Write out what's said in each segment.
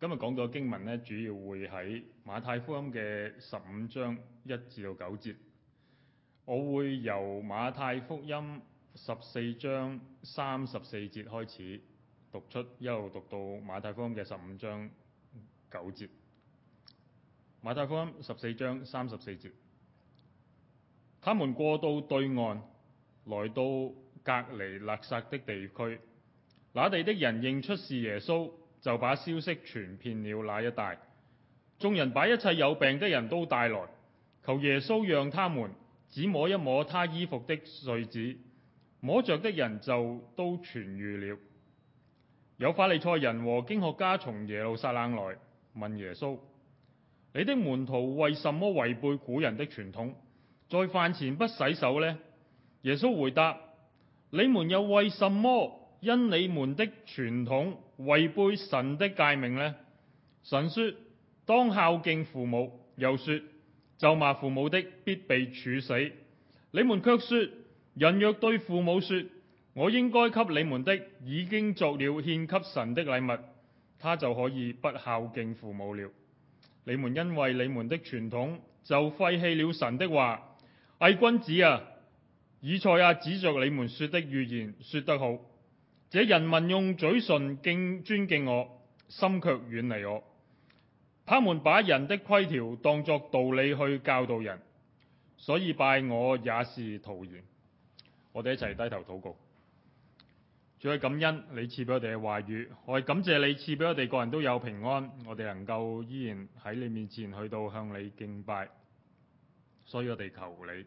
今日講到嘅經文呢，主要會喺馬太福音嘅十五章一至到九節。我會由馬太福音十四章三十四節開始讀出，一路讀到馬太福音嘅十五章九節。馬太福音十四章三十四節：他們過到對岸，來到革尼撒勒的地區，那地的人認出是耶穌。就把消息傳遍了那一帶，眾人把一切有病的人都帶來，求耶穌讓他們只摸一摸他衣服的穗子，摸着的人就都痊癒了。有法利賽人和經學家從耶路撒冷來問耶穌：你的門徒為什麼違背古人的傳統，在飯前不洗手呢？耶穌回答：你們又為什麼？因你們的傳統違背神的誡命呢，神說，當孝敬父母，又說咒罵父母的必被處死。你們卻說，人若對父母說，我應該給你們的已經作了獻給神的禮物，他就可以不孝敬父母了。你們因為你們的傳統就廢棄了神的話。偽君子啊，以賽亞，啊，指着你們說的預言說得好。這人民用嘴唇敬尊敬我，心卻遠離我。他們把人的規條當作道理去教導人，所以拜我也是徒然。我哋一齊低頭禱告，主啊，感恩你賜俾我哋嘅話語，我哋感謝你賜俾我哋個人都有平安，我哋能夠依然喺你面前去到向你敬拜。所以我哋求你，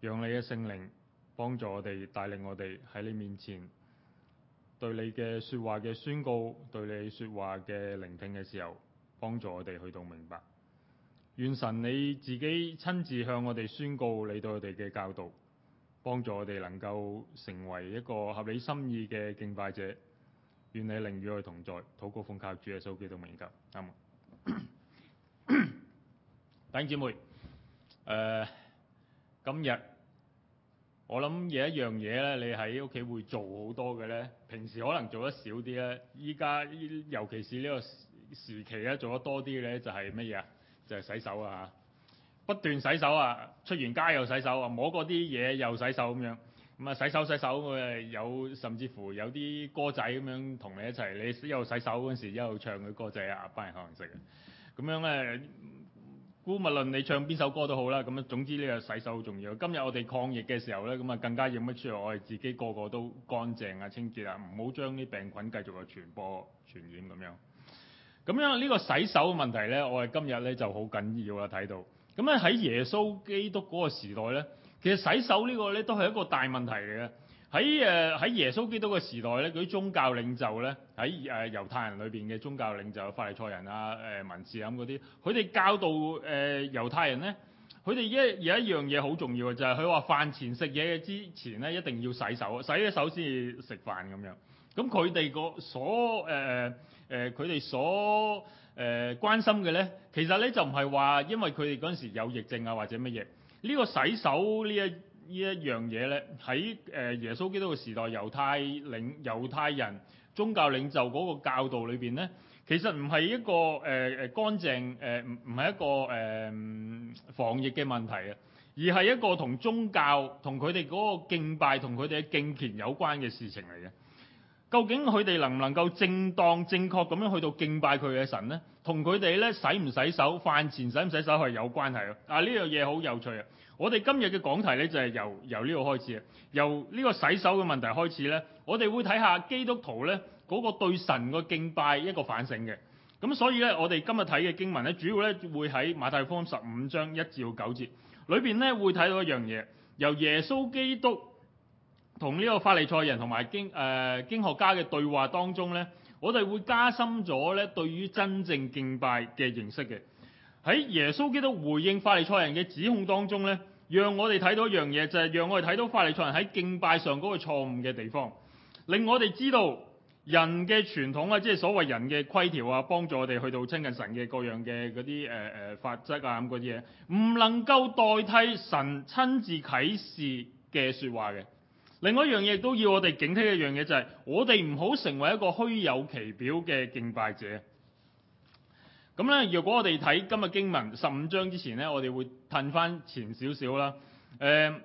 讓你嘅聖靈幫助我哋，帶領我哋喺你面前，對你嘅說話嘅宣告，對你說話嘅聆聽嘅時候，幫助我哋去到明白。願神你自己親自向我哋宣告你對我哋嘅教導，幫助我哋能夠成為一個合你心意嘅敬拜者。願你靈與我同在，禱告奉靠主耶穌基督名下，啱。弟兄姊妹，今日。我諗有一樣嘢咧，你喺屋企會做好多嘅咧，平時可能做得少啲咧，依家尤其是呢個時期咧，做得多啲咧就係乜嘢啊？就係、是、洗手啊！不斷洗手啊，出完街又洗手啊，摸過啲嘢又洗手咁樣。咁啊，洗手洗手誒，有甚至乎有啲歌仔咁樣同你一齊，你一路洗手嗰時一路唱佢歌仔啊，班人可能識嘅。咁樣咧。無論你唱邊首歌都好啦，咁樣總之呢個洗手好重要。今日我哋抗疫嘅時候咧，咁啊更加要乜嘢？我哋自己個個都乾淨啊、清潔啊，唔好將啲病菌繼續去傳播、傳染咁樣。咁樣呢個洗手嘅問題咧，我哋今日咧就好緊要啊！睇到咁咧喺耶穌基督嗰個時代咧，其實洗手呢個咧都係一個大問題嚟嘅。喺誒喺耶穌基督嘅時代咧，啲宗教領袖咧，喺誒猶太人裏面嘅宗教領袖，法利賽人啊、誒文士咁嗰啲，佢哋教導誒猶太人咧，佢哋一有一樣嘢好重要嘅，就係佢話飯前食嘢嘅之前咧，一定要洗手，洗咗手先食飯咁樣。咁佢哋個所誒誒佢哋所誒、呃、關心嘅咧，其實咧就唔係話因為佢哋嗰陣時有疫症啊或者乜嘢，呢、呢個洗手呢一。呢一樣嘢咧，喺誒耶穌基督嘅時代，猶太領猶太人宗教領袖嗰個教導裏邊咧，其實唔係一個誒誒、呃、乾淨誒，唔唔係一個誒、呃、防疫嘅問題啊，而係一個同宗教同佢哋嗰個敬拜同佢哋嘅敬虔有關嘅事情嚟嘅。究竟佢哋能唔能夠正當正確咁樣去到敬拜佢嘅神咧？同佢哋咧洗唔洗手，飯前洗唔洗手係有關係嘅。但呢樣嘢好有趣啊！我哋今日嘅講題咧就係由由呢個開始，由呢個洗手嘅問題開始咧，我哋會睇下基督徒咧嗰個對神嘅敬拜一個反省嘅。咁所以咧，我哋今日睇嘅經文咧，主要咧會喺馬太福音十五章一至到九節裏邊咧會睇到一樣嘢，由耶穌基督同呢個法利賽人同埋經誒、呃、經學家嘅對話當中咧，我哋會加深咗咧對於真正敬拜嘅認識嘅。喺耶穌基督回應法利賽人嘅指控當中咧。讓我哋睇到一樣嘢，就係讓我哋睇到法利賽人喺敬拜上嗰個錯誤嘅地方，令我哋知道人嘅傳統啊，即係所謂人嘅規條啊，幫助我哋去到親近神嘅各樣嘅嗰啲誒誒法則啊，咁嗰啲嘢，唔能夠代替神親自啟示嘅說話嘅。另外一樣嘢都要我哋警惕嘅一樣嘢，就係我哋唔好成為一個虛有其表嘅敬拜者。咁咧，如果我哋睇今日經文十五章之前咧，我哋會褪翻前少少啦。誒、呃，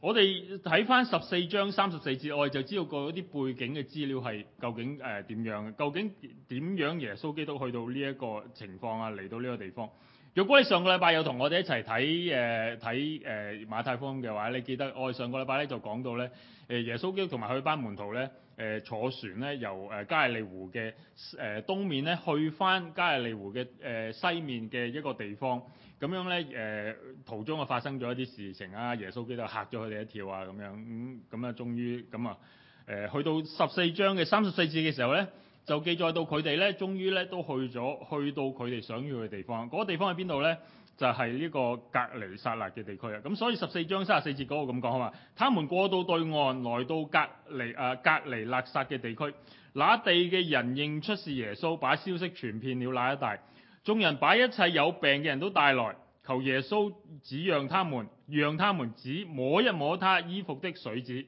我哋睇翻十四章三十四節，我哋就知道嗰啲背景嘅資料係究竟誒點、呃、樣？究竟點樣耶穌基督去到呢一個情況啊，嚟到呢個地方？如果你上個禮拜有同我哋一齊睇誒睇誒馬太福音嘅話，你記得我哋上個禮拜咧就講到咧，誒、呃、耶穌基督同埋佢班門徒咧。誒、呃、坐船咧，由誒、呃、加利利湖嘅誒、呃、東面咧，去翻加利利湖嘅誒、呃、西面嘅一個地方，咁樣咧誒、呃、途中啊發生咗一啲事情啊，耶穌基督嚇咗佢哋一跳啊咁樣，咁、嗯、咁啊終於咁啊誒去到十四章嘅三十四節嘅時候咧，就記載到佢哋咧，終於咧都去咗，去到佢哋想要嘅地方。嗰、那個地方喺邊度咧？就係、是、呢個革尼撒勒嘅地區啊，咁所以十四章三十四節嗰個咁講好嘛，他們過到對岸，來到隔離啊、呃、革尼撒勒嘅地區，那地嘅人認出是耶穌，把消息傳遍了那一帶。眾人把一切有病嘅人都帶來，求耶穌指讓他們，讓他們指摸一摸他衣服的繸子，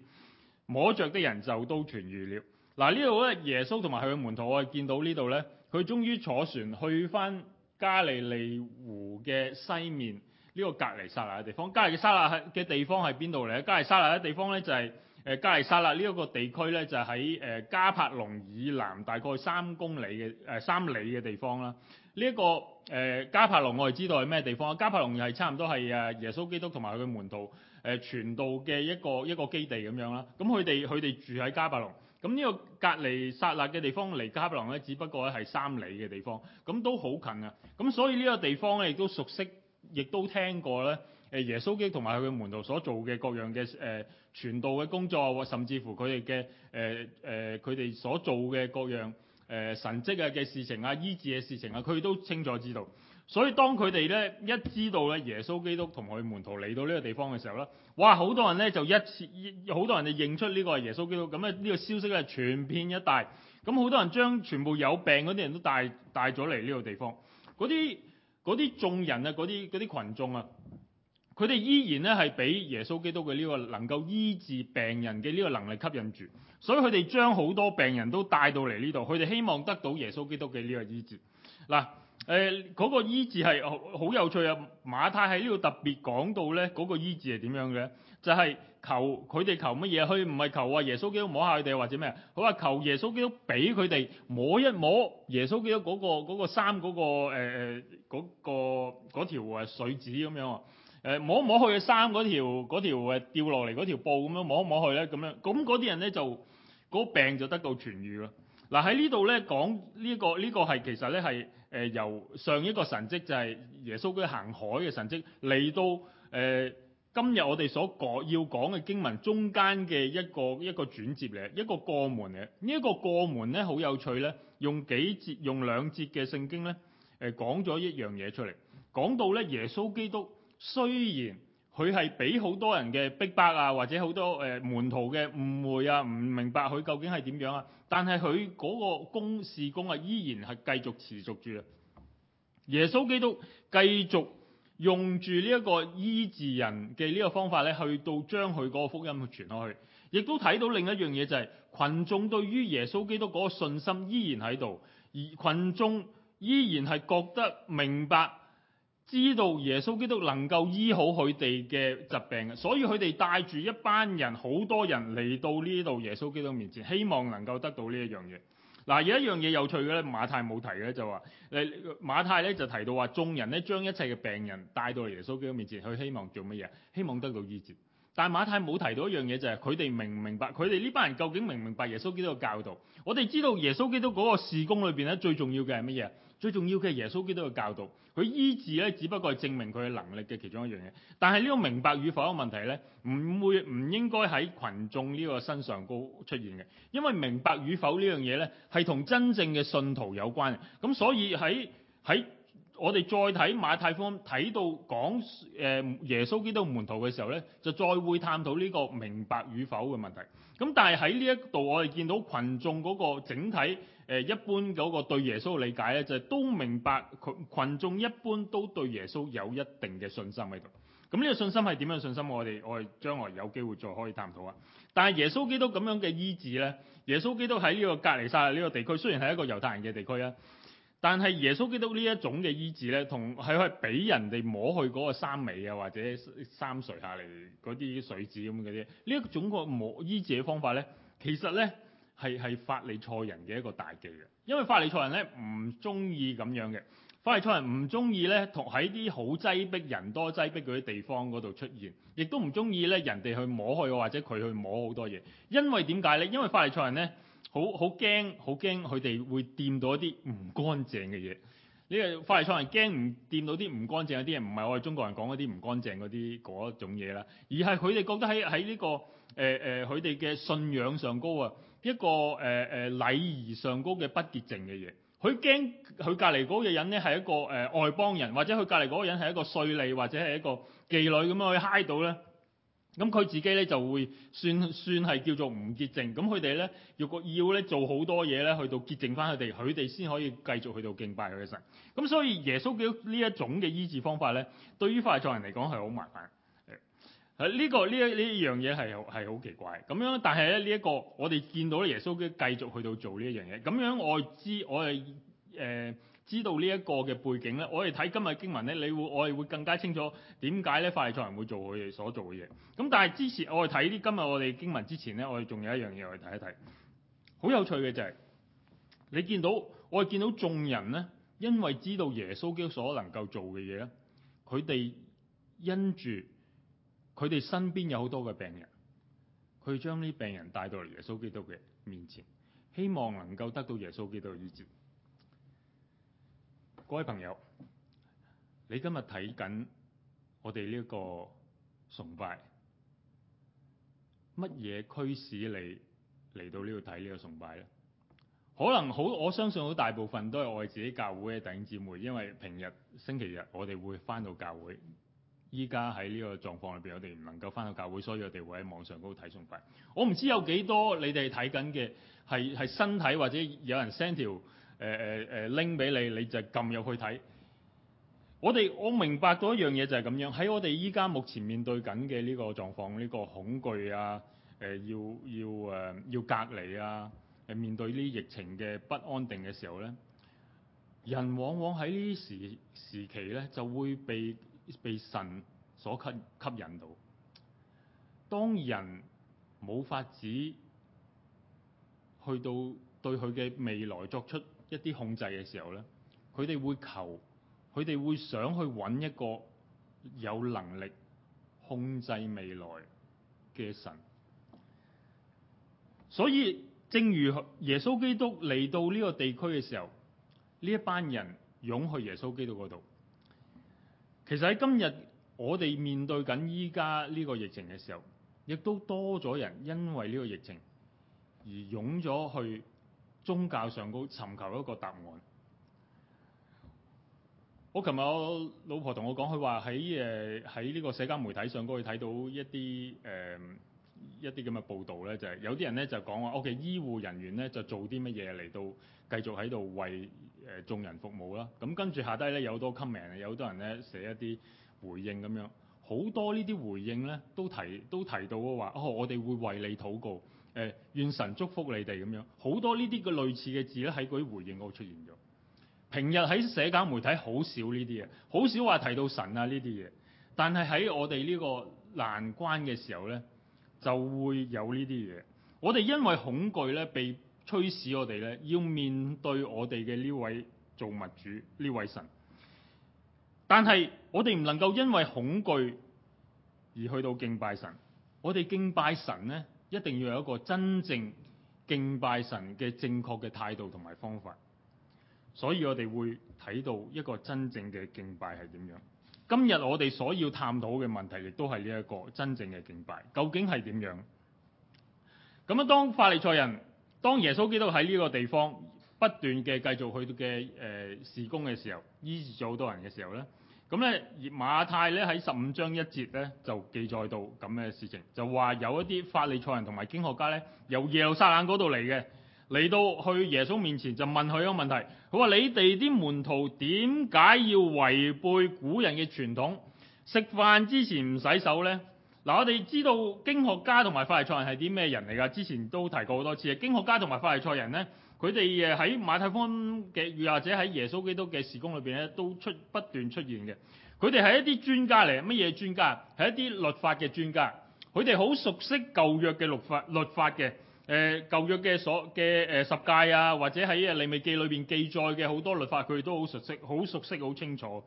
摸着的人就都痊愈了。嗱，呢度咧，耶穌同埋佢嘅門徒我係見到呢度咧，佢終於坐船去返。加利利湖嘅西面呢，這個革尼撒勒嘅地方，革尼嘅撒勒係嘅地方係邊度嚟咧？革尼撒勒嘅地方咧就係、是、誒革尼撒勒呢一個地區咧，就喺誒迦百農以南大概三公里嘅誒三里嘅地方啦。呢、這、一個誒迦百農我哋知道係咩地方啊？迦百農又係差唔多係誒耶穌基督同埋佢門徒誒傳道嘅一個一個基地咁樣啦。咁佢哋佢哋住喺迦百農。咁呢個革尼撒勒嘅地方離迦百農咧，只不過咧係三里嘅地方，咁都好近啊！咁所以呢個地方咧，亦都熟悉，亦都聽過咧，耶穌基督同埋佢門徒所做嘅各樣嘅誒、呃、傳道嘅工作，甚至乎佢哋嘅誒佢哋所做嘅各樣誒神蹟啊嘅事情啊，醫治嘅事情啊，佢都清楚知道。所以當佢哋咧一知道咧耶穌基督同佢門徒嚟到呢個地方嘅時候咧，哇！好多人咧就一次，好多人就認出呢個係耶穌基督。咁咧呢個消息咧全片一帶，咁好多人將全部有病嗰啲人都帶帶咗嚟呢個地方。嗰啲嗰啲眾人啊，嗰啲嗰啲群眾啊，佢哋依然咧係俾耶穌基督嘅呢個能夠醫治病人嘅呢個能力吸引住。所以佢哋將好多病人都帶到嚟呢度，佢哋希望得到耶穌基督嘅呢個醫治嗱。誒、呃、嗰、那個醫治係好，好有趣啊！馬太喺呢度特別講到咧，嗰、那個醫治係點樣嘅？就係、是、求佢哋求乜嘢？去，唔係求啊耶穌基督摸下佢哋或者咩？佢話求耶穌基督俾佢哋摸一摸耶穌基督嗰、那個嗰衫嗰個嗰、那個、那個呃那個那個、條水紙咁樣啊！摸一摸佢嘅衫嗰條嗰掉落嚟嗰條布咁樣摸一摸佢咧，咁樣咁嗰啲人咧就嗰、那個、病就得到痊癒啦。嗱，喺呢度咧講呢、這個呢、這個係其實咧係誒由上一個神蹟就係、是、耶穌嘅行海嘅神蹟嚟到誒、呃、今日我哋所講要講嘅經文中間嘅一個一個轉接嚟，一個過門嚟。呢、這、一個過門咧好有趣咧，用幾節用兩節嘅聖經咧誒、呃、講咗一樣嘢出嚟，講到咧耶穌基督雖然。佢係俾好多人嘅逼迫啊，或者好多誒、呃、門徒嘅誤會啊，唔明白佢究竟係點樣啊？但係佢嗰個公事公啊，依然係繼續持續住。耶穌基督繼續用住呢一個醫治人嘅呢個方法咧，去到將佢嗰個福音去傳落去，亦都睇到另一樣嘢就係、是、群眾對於耶穌基督嗰個信心依然喺度，而群眾依然係覺得明白。知道耶穌基督能夠醫好佢哋嘅疾病嘅，所以佢哋帶住一班人，好多人嚟到呢度耶穌基督面前，希望能夠得到呢一樣嘢。嗱，有一樣嘢有趣嘅咧，馬太冇提嘅就話，你馬太咧就提到話，眾人咧將一切嘅病人帶到耶穌基督面前，佢希望做乜嘢？希望得到醫治。但係馬太冇提到一樣嘢，就係佢哋明唔明白？佢哋呢班人究竟明唔明白耶穌基督嘅教導？我哋知道耶穌基督嗰個事工裏邊咧，最重要嘅係乜嘢？最重要嘅係耶穌基督嘅教導，佢醫治咧，只不過係證明佢嘅能力嘅其中一樣嘢。但係呢個明白與否嘅問題咧，唔會唔應該喺群眾呢個身上高出現嘅，因為明白與否這呢樣嘢咧，係同真正嘅信徒有關嘅。咁所以喺喺我哋再睇馬太福音，睇到講誒耶穌基督門徒嘅時候咧，就再會探討呢個明白與否嘅問題。咁但係喺呢一度我哋見到群眾嗰個整體。誒一般嗰個對耶穌嘅理解咧，就係、是、都明白群羣眾一般都對耶穌有一定嘅信心喺度。咁呢個信心係點樣信心？我哋我哋將來有機會再可以探討啊！但係耶穌基督咁樣嘅醫治咧，耶穌基督喺呢個革尼撒勒呢個地區，雖然係一個猶太人嘅地區啊，但係耶穌基督呢一種嘅醫治咧，同係去俾人哋摸去嗰個三尾啊，或者三垂下嚟嗰啲水子咁嘅啲，呢一種個摸醫治嘅方法咧，其實咧。係係法利賽人嘅一個大忌嘅，因為法利賽人咧唔中意咁樣嘅，法利賽人唔中意咧同喺啲好擠迫、人多擠迫嗰啲地方嗰度出現，亦都唔中意咧人哋去摸佢或者佢去摸好多嘢，因為點解咧？因為法利賽人咧好好驚，好驚佢哋會掂到一啲唔乾淨嘅嘢。呢個法利賽人驚唔掂到啲唔乾淨嗰啲嘢，唔係我哋中國人講嗰啲唔乾淨嗰啲嗰一種嘢啦，而係佢哋覺得喺喺呢個誒誒佢哋嘅信仰上高啊。一個誒誒、呃呃、禮儀上高嘅不潔淨嘅嘢，佢驚佢隔離嗰個人咧係一個誒、呃、外邦人，或者佢隔離嗰個人係一個稅吏或者係一個妓女咁樣去揩到咧，咁佢自己咧就會算算係叫做唔潔淨，咁佢哋咧如果要咧做好多嘢咧，去到潔淨翻佢哋，佢哋先可以繼續去到敬拜佢嘅神。咁所以耶穌嘅呢一種嘅醫治方法咧，對於外族人嚟講係好麻煩。係、這、呢個呢一呢一樣嘢係係好奇怪咁樣。但係咧呢一、這個我哋見到耶穌基督繼續去到做呢一樣嘢。咁樣我知我係誒、呃、知道呢一個嘅背景咧，我哋睇今日經文咧，你會我係會更加清楚點解咧，法利賽人會做佢哋所做嘅嘢。咁但係之前我哋睇啲今日我哋經文之前咧，我哋仲有一樣嘢去睇一睇，好有趣嘅就係、是、你見到我哋見到眾人咧，因為知道耶穌基督所能夠做嘅嘢咧，佢哋因住。佢哋身邊有好多嘅病人，佢將呢啲病人帶到嚟耶穌基督嘅面前，希望能夠得到耶穌基督嘅醫治。各位朋友，你今日睇緊我哋呢個崇拜，乜嘢驅使你嚟到呢度睇呢個崇拜咧？可能好，我相信好大部分都係我哋自己教會嘅弟兄姊妹，因為平日星期日我哋會返到教會。依家喺呢個狀況裏邊，我哋唔能夠翻到教會，所以我哋會喺網上度睇崇拜。我唔知有幾多你哋睇緊嘅係係身體或者有人 send 條誒誒誒 link 俾你，你就撳入去睇。我哋我明白咗一樣嘢就係咁樣，喺我哋依家目前面對緊嘅呢個狀況，呢、這個恐懼啊，誒、呃、要要誒、呃、要隔離啊，誒面對呢疫情嘅不安定嘅時候咧，人往往喺呢時時期咧就會被。被神所吸吸引到，當人冇法子去到對佢嘅未來作出一啲控制嘅時候咧，佢哋會求，佢哋會想去揾一個有能力控制未來嘅神。所以，正如耶穌基督嚟到呢個地區嘅時候，呢一班人湧去耶穌基督嗰度。其實喺今日，我哋面對緊依家呢個疫情嘅時候，亦都多咗人因為呢個疫情而湧咗去宗教上高尋求一個答案。我琴日我老婆同我講，佢話喺誒喺呢個社交媒體上高，佢睇到一啲誒、呃、一啲咁嘅報導咧，就係、是、有啲人咧就講話，OK 醫護人員咧就做啲乜嘢嚟到繼續喺度為。誒、呃、眾人服務啦，咁跟住下低咧有好多 comment，有好多人咧寫一啲回應咁樣，好多呢啲回應咧都提都提到話，哦，我哋會為你禱告，誒、呃，願神祝福你哋咁樣，好多呢啲嘅類似嘅字咧喺嗰啲回應度出現咗。平日喺社交媒體好少呢啲嘢，好少話提到神啊呢啲嘢，但係喺我哋呢個難關嘅時候咧，就會有呢啲嘢。我哋因為恐懼咧被。促使我哋咧，要面對我哋嘅呢位造物主呢位神。但係我哋唔能夠因為恐懼而去到敬拜神。我哋敬拜神呢，一定要有一個真正敬拜神嘅正確嘅態度同埋方法。所以我哋會睇到一個真正嘅敬拜係點樣。今日我哋所要探討嘅問題，亦都係呢一個真正嘅敬拜，究竟係點樣？咁啊，當法利賽人。當耶穌基督喺呢個地方不斷嘅繼續去嘅誒、呃、事工嘅時候，醫治咗好多人嘅時候咧，咁咧而馬太咧喺十五章一節咧就記載到咁嘅事情，就話有一啲法利賽人同埋經學家咧由耶路撒冷嗰度嚟嘅，嚟到去耶穌面前就問佢一個問題，佢話你哋啲門徒點解要違背古人嘅傳統，食飯之前唔洗手咧？嗱，我哋知道經學家同埋法利賽人係啲咩人嚟㗎？之前都提過好多次嘅，經學家同埋法利賽人咧，佢哋喺馬太福音嘅嘅，或者喺耶穌基督嘅事工裏面咧，都出不斷出現嘅。佢哋係一啲專家嚟，乜嘢專家？係一啲律法嘅專家。佢哋好熟悉舊約嘅律法，律法嘅，誒、呃、舊約嘅所嘅誒、呃、十戒啊，或者喺誒利未記裏面記載嘅好多律法，佢哋都好熟悉，好熟悉，好清楚。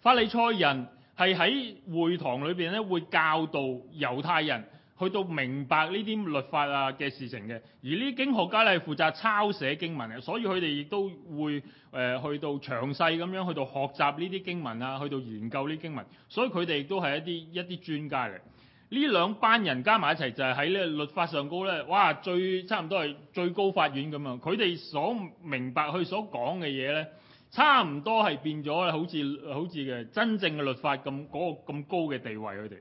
法利賽人，係喺會堂裏面咧，會教導猶太人去到明白呢啲律法啊嘅事情嘅。而呢經學家咧係負責抄寫經文嘅，所以佢哋亦都會誒去到詳細咁樣去到學習呢啲經文啊，去到研究呢啲經文。所以佢哋亦都係一啲一啲專家嚟。呢兩班人加埋一齊就係喺呢律法上高咧，哇！最差唔多係最高法院咁樣。佢哋所明白佢所講嘅嘢咧。差唔多係變咗好似好似嘅真正嘅律法咁嗰個咁高嘅地位，佢哋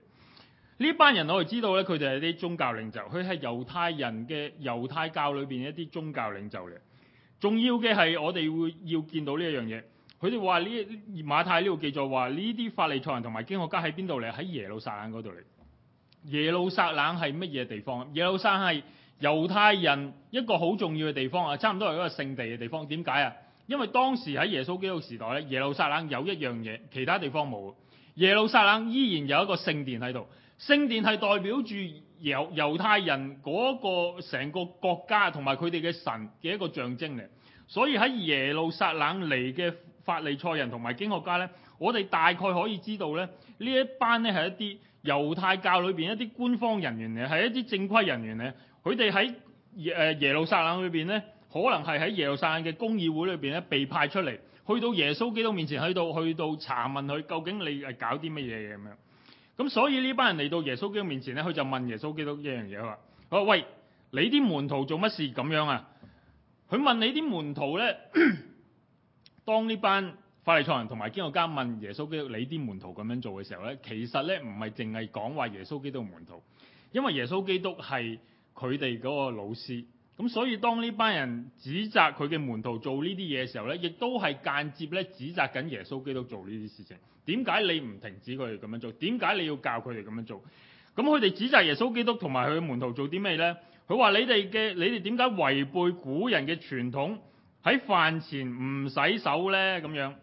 呢班人我哋知道咧，佢哋係啲宗教領袖，佢係猶太人嘅猶太教裏邊一啲宗教領袖嚟。重要嘅係我哋會要見到呢一樣嘢，佢哋話呢馬太呢度記載話呢啲法利賽人同埋經學家喺邊度嚟？喺耶路撒冷嗰度嚟。耶路撒冷係乜嘢地方？耶路撒冷係猶太人一個好重要嘅地方啊，差唔多係一個聖地嘅地方。點解啊？因為當時喺耶穌基督時代咧，耶路撒冷有一樣嘢，其他地方冇。耶路撒冷依然有一個聖殿喺度，聖殿係代表住猶猶太人嗰個成個國家同埋佢哋嘅神嘅一個象徵嚟。所以喺耶路撒冷嚟嘅法利賽人同埋經學家咧，我哋大概可以知道咧，呢一班咧係一啲猶太教裏邊一啲官方人員嚟，係一啲正規人員咧。佢哋喺誒耶路撒冷裏邊咧。可能係喺耶路撒冷嘅公議會裏邊咧，被派出嚟，去到耶穌基督面前，去到去到查問佢，究竟你係搞啲乜嘢嘢咁樣。咁所以呢班人嚟到耶穌基督面前咧，佢就問耶穌基督一樣嘢，佢話：，喂，你啲門徒做乜事咁樣啊？佢問你啲門徒咧，當呢班法利賽人同埋經學家問耶穌基督你啲門徒咁樣做嘅時候咧，其實咧唔係淨係講話耶穌基督嘅門徒，因為耶穌基督係佢哋嗰個老師。咁所以當呢班人指責佢嘅門徒做呢啲嘢嘅時候咧，亦都係間接咧指責緊耶穌基督做呢啲事情。點解你唔停止佢哋咁樣做？點解你要教佢哋咁樣做？咁佢哋指責耶穌基督同埋佢嘅門徒做啲咩咧？佢話你哋嘅，你哋點解違背古人嘅傳統，喺飯前唔洗手咧？咁樣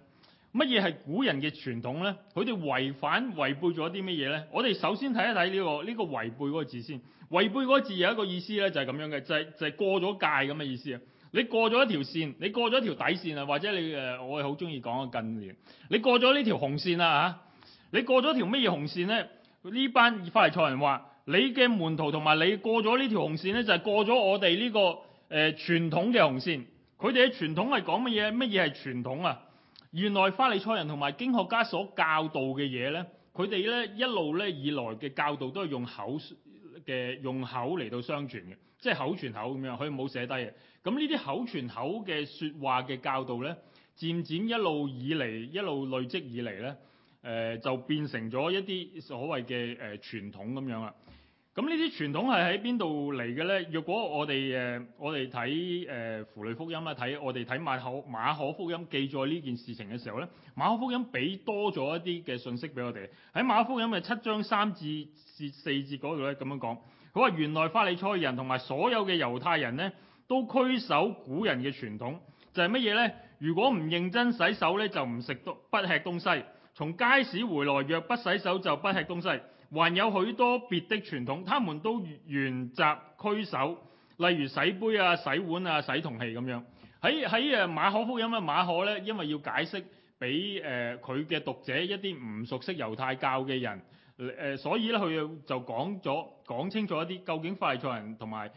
乜嘢係古人嘅傳統咧？佢哋違反違背咗啲乜嘢咧？我哋首先睇一睇呢個呢個違背嗰個字先。違背嗰字有一個意思咧，就係咁樣嘅，就係就係過咗界咁嘅意思啊！你過咗一條線，你過咗一條底線啊，或者你誒，我係好中意講嘅近年，你過咗呢條紅線啦嚇，你過咗條乜嘢紅線咧？呢班法利賽人話：你嘅門徒同埋你過咗呢條紅線咧，這個，就係過咗我哋呢個誒傳統嘅紅線。佢哋嘅傳統係講乜嘢？乜嘢係傳統啊？原來法利賽人同埋經學家所教導嘅嘢咧，佢哋咧一路咧以來嘅教導都係用口。嘅用口嚟到相傳嘅，即係口傳口咁樣，佢冇寫低嘅。咁呢啲口傳口嘅說話嘅教導咧，漸漸一路以嚟，一路累積以嚟咧，誒、呃、就變成咗一啲所謂嘅誒傳統咁樣啦。咁呢啲傳統係喺邊度嚟嘅咧？若果我哋誒、呃，我哋睇誒婦女福音啦，睇我哋睇馬可馬可福音記載呢件事情嘅時候咧，馬可福音俾多咗一啲嘅信息俾我哋。喺馬可福音嘅七章三至四節嗰度咧，咁樣講，佢話原來法利賽人同埋所有嘅猶太人咧，都拘守古人嘅傳統，就係乜嘢咧？如果唔認真洗手咧，就唔食，不吃東西。從街市回來，若不洗手就不吃東西。還有許多別的傳統，他們都原習拘守，例如洗杯啊、洗碗啊、洗銅器咁樣。喺喺誒馬可福音啊，馬可咧，因為要解釋俾誒佢嘅讀者一啲唔熟悉猶太教嘅人誒，所以咧佢就講咗講清楚一啲，究竟外族人同埋誒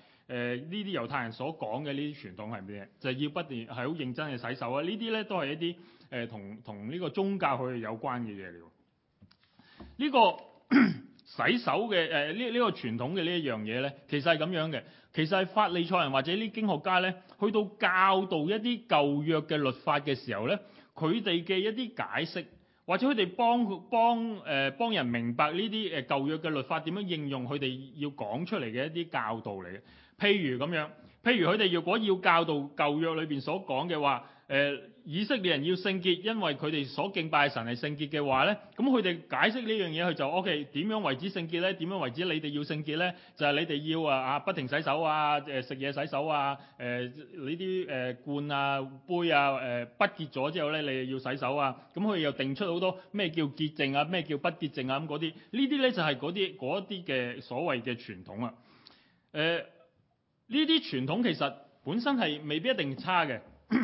呢啲猶太人所講嘅呢啲傳統係咩？就係、是、要不斷係好認真嘅洗手啊！呢啲咧都係一啲誒同同呢個宗教去有關嘅嘢嚟喎。呢、這個。 洗手嘅誒、呃這個這個、呢呢個傳統嘅呢一樣嘢咧，其實係咁樣嘅。其實係法利賽人或者呢經學家咧，去到教導一啲舊約嘅律法嘅時候咧，佢哋嘅一啲解釋，或者佢哋幫幫誒幫人明白呢啲誒舊約嘅律法點樣應用，佢哋要講出嚟嘅一啲教導嚟嘅。譬如咁樣，譬如佢哋如果要教導舊約裏邊所講嘅話，誒、呃。以色列人要聖潔，因為佢哋所敬拜嘅神係聖潔嘅話咧，咁佢哋解釋呢樣嘢佢就，O.K. 點樣為止聖潔咧？點樣為止你哋要聖潔咧？就係、是、你哋要啊啊，不停洗手啊，誒食嘢洗手啊，誒呢啲誒罐啊杯啊誒、呃、不潔咗之後咧，你要洗手啊。咁佢又定出好多咩叫潔淨啊，咩叫不潔淨啊咁嗰啲，呢啲咧就係嗰啲嗰啲嘅所謂嘅傳統啊。誒呢啲傳統其實本身係未必一定差嘅。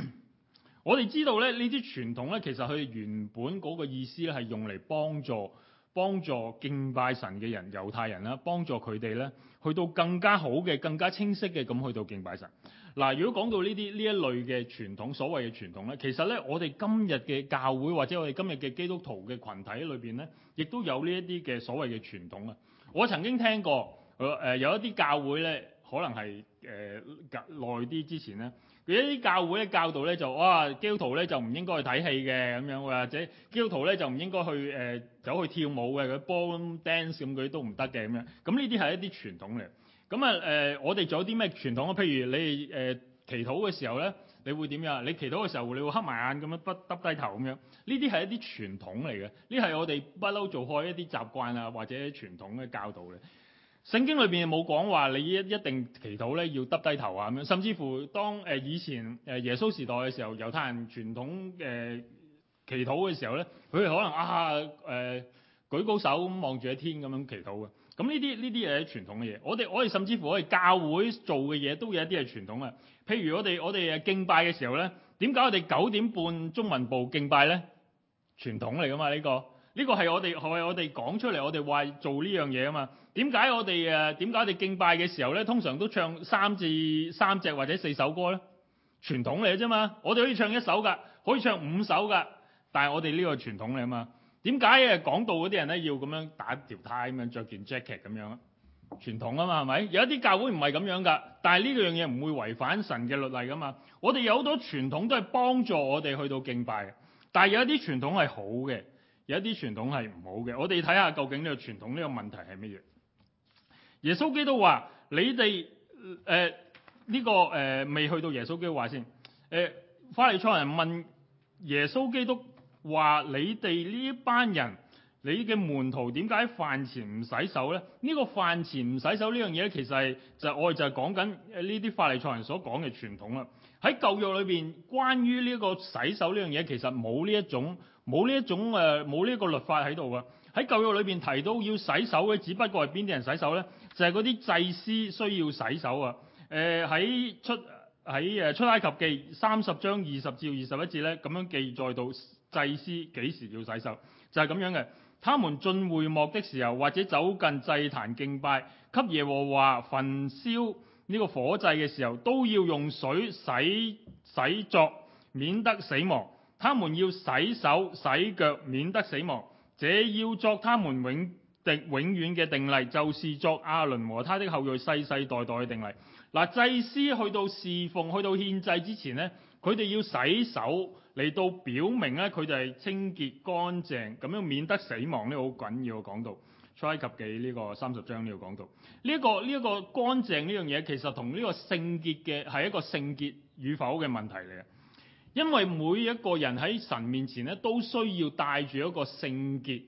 我哋知道咧，呢啲傳統咧，其實佢原本嗰個意思咧，係用嚟幫助幫助敬拜神嘅人，猶太人啦，幫助佢哋咧，去到更加好嘅、更加清晰嘅咁去到敬拜神。嗱，如果講到呢啲呢一類嘅傳統，所謂嘅傳統咧，其實咧，我哋今日嘅教會或者我哋今日嘅基督徒嘅群體裏面咧，亦都有呢一啲嘅所謂嘅傳統啊。我曾經聽過，呃、有一啲教會咧，可能係誒隔耐啲之前咧。佢一啲教會嘅教導咧就，哇，基、哦、督、啊、徒咧就唔應該去睇戲嘅咁樣，或者基督徒咧就唔應該去走去跳舞嘅，去、嗯、幫 dance 咁嗰啲都唔得嘅咁樣。咁呢啲係一啲傳統嚟。咁啊、呃、我哋仲有啲咩傳統啊？譬如你誒、呃、祈禱嘅時候咧，你會點樣呀？你祈禱嘅時候，你會黑埋眼咁樣，不耷低頭咁樣。呢啲係一啲傳統嚟嘅，呢係英俊我哋不嬲做開一啲習慣啊，或者傳統嘅教導嘅。聖經裏邊冇講話你一一定祈禱咧要耷低頭啊咁樣，甚至乎當誒以前誒耶穌時代嘅時候，猶太人傳統誒祈禱嘅時候咧，佢哋可能啊誒、呃、舉高手咁望住一天咁樣祈禱嘅。咁呢啲呢啲嘢係傳統嘅嘢。我哋我哋甚至乎我哋教會做嘅嘢都有一啲係傳統嘅。譬如我哋我哋誒敬拜嘅時候咧，點解我哋九點半中文部敬拜咧？傳統嚟噶嘛呢個？呢個係我哋係我哋講出嚟，我哋話做呢樣嘢啊嘛。點解我哋誒點解我哋敬拜嘅時候咧，通常都唱三至三隻或者四首歌咧？傳統嚟啫嘛。我哋可以唱一首噶，可以唱五首噶，但係我哋呢個傳統嚟啊嘛。點解誒講道嗰啲人咧要咁樣打條呔咁樣着件 jacket 咁樣啊？傳統啊嘛，係咪？有一啲教會唔係咁樣噶，但係呢樣嘢唔會違反神嘅律例噶嘛。我哋有好多傳統都係幫助我哋去到敬拜嘅，但係有一啲傳統係好嘅。有一啲傳統係唔好嘅，我哋睇下究竟呢個傳統呢個問題係乜嘢？耶穌基督話：你哋誒呢個誒、呃、未去到耶穌基督話先誒、呃、法利賽人問耶穌基督話：你哋呢班人，你嘅門徒點解飯前唔洗手咧？呢個飯前唔洗手呢樣嘢咧，其實係就我哋就係講緊誒呢啲法利賽人所講嘅傳統啦。喺舊約裏邊，關於呢個洗手呢樣嘢，其實冇呢一種。冇呢一種，冇呢一個律法喺度㗎。喺教育裏面提到要洗手嘅，只不過係邊啲人洗手咧？就係嗰啲祭司需要洗手啊。誒、呃、喺出喺出埃及記三十章二十至二十一節咧，咁樣記載到祭司幾時要洗手，就係、是、咁樣嘅。他們進會幕的時候，或者走近祭壇敬拜，給耶和華焚燒呢、這個火祭嘅時候，都要用水洗洗濯，免得死亡。他們要洗手洗腳，免得死亡。這要作他們永迪永遠嘅定例，就是作阿倫和他的後裔世世代代嘅定例。嗱，祭司去到侍奉、去到獻祭之前咧，佢哋要洗手嚟到表明咧，佢哋係清潔乾淨，咁樣免得死亡咧，好緊要。講到出埃及記呢個三十章呢個講到呢一個呢一個乾淨呢樣嘢，其實同呢個聖潔嘅係一個聖潔與否嘅問題嚟啊！因為每一個人喺神面前咧，都需要帶住一個聖潔，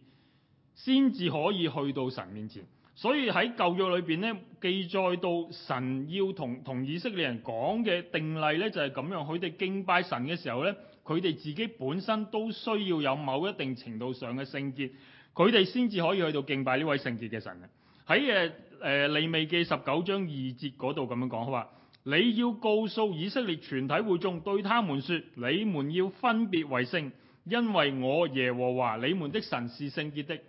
先至可以去到神面前。所以喺舊約裏邊咧，記載到神要同同以色列人講嘅定例咧，就係咁樣。佢哋敬拜神嘅時候咧，佢哋自己本身都需要有某一定程度上嘅聖潔，佢哋先至可以去到敬拜呢位聖潔嘅神在。喺誒誒利未記十九章二節嗰度咁樣講，佢你要告訴以色列全體會眾，對他們說：你們要分別為聖，因為我耶和華你們的神是聖潔的。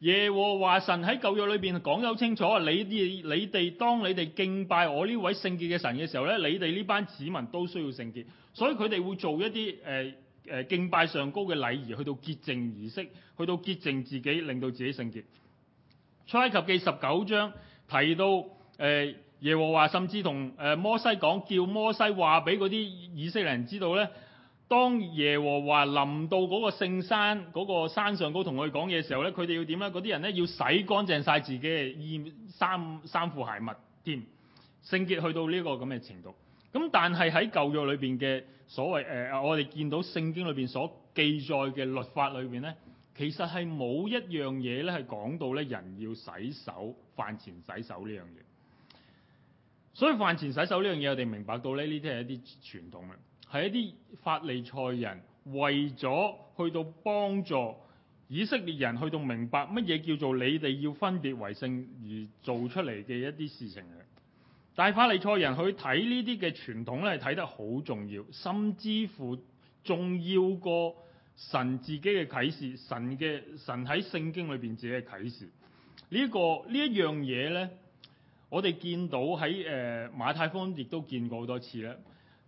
耶和華神喺舊約裏邊講有清楚，你哋你哋當你哋敬拜我呢位聖潔嘅神嘅時候咧，你哋呢班子民都需要聖潔，所以佢哋會做一啲誒誒敬拜上高嘅禮儀，去到潔淨儀式，去到潔淨自己，令到自己聖潔。出埃及記十九章提到誒。呃耶和華甚至同誒摩西講，叫摩西話俾嗰啲以色列人知道咧。當耶和華臨到嗰個聖山嗰個山上高同佢講嘢嘅時候咧，佢哋要點咧？嗰啲人咧，要洗乾淨晒自己嘅衣衫、衫褲、鞋襪，添聖潔去到呢個咁嘅程度。咁但係喺舊約裏邊嘅所謂誒、呃，我哋見到聖經裏邊所記載嘅律法裏邊咧，其實係冇一樣嘢咧係講到咧人要洗手，飯前洗手呢樣嘢。所以飯前洗手呢樣嘢，我哋明白到呢啲係一啲傳統啦，係一啲法利賽人為咗去到幫助以色列人去到明白乜嘢叫做你哋要分別為聖而做出嚟嘅一啲事情嘅。但係法利賽人去睇呢啲嘅傳統咧，係睇得好重要，甚至乎重要過神自己嘅啟示，神嘅神喺聖經裏面自己嘅啟示，這個、呢個呢一樣嘢咧。我哋見到喺誒馬太福音亦都見過好多次咧，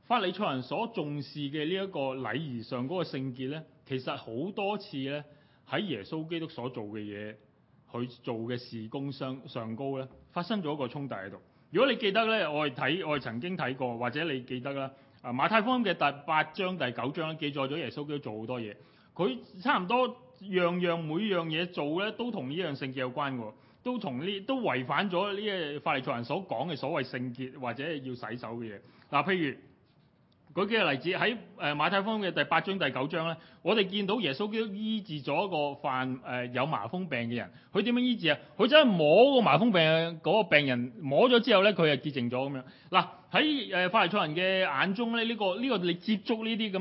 法利賽人所重視嘅呢一個禮儀上嗰個聖潔咧，其實好多次咧喺耶穌基督所做嘅嘢，佢做嘅事工上上高咧，發生咗一個衝突喺度。如果你記得咧，我哋睇我哋曾經睇過，或者你記得啦。啊，馬太福音嘅第八章第九章咧，記載咗耶穌基督做好多嘢，佢差唔多樣樣每樣嘢做咧，都同呢樣聖潔有關㗎喎。都同呢都違反咗呢誒法利賽人所講嘅所謂聖潔或者要洗手嘅嘢。嗱、啊，譬如舉幾個例子喺誒、呃、馬太福音嘅第八章第九章咧，我哋見到耶穌基督醫治咗一個犯誒、呃、有麻風病嘅人。佢點樣醫治啊？佢走去摸個麻風病嗰個病人，摸咗之後咧，佢就潔淨咗咁樣。嗱、啊。喺誒法利人嘅眼中咧，呢、這個呢、這個你接觸呢啲咁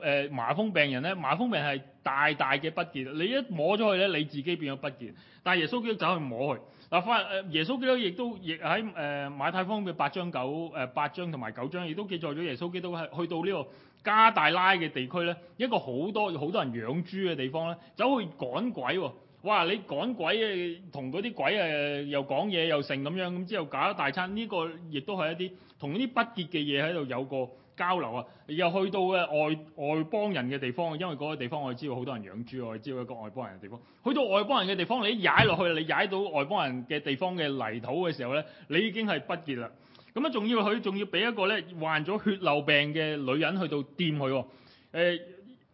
嘅誒麻風病人咧，麻風病係大大嘅不潔。你一摸咗佢咧，你自己變咗不潔。但係耶穌基督走去摸佢，嗱，法誒耶穌基督亦都亦喺誒馬太福音嘅八章九誒、呃、八章同埋九章，亦都記載咗耶穌基督係去到呢個加大拉嘅地區咧，一個好多好多人養豬嘅地方咧，走去趕鬼喎、哦。哇！你趕鬼同嗰啲鬼又講嘢又成咁樣，咁之後搞一大餐，呢個亦都係一啲同啲不潔嘅嘢喺度有個交流啊！又去到外外邦人嘅地方，因為嗰個地方我知道好多人養豬，我知道一個外邦人嘅地方，去到外邦人嘅地方，你踩落去，你踩到外邦人嘅地方嘅泥土嘅時候咧，你已經係不潔啦！咁啊，仲要佢仲要俾一個咧患咗血漏病嘅女人去到掂佢喎。誒、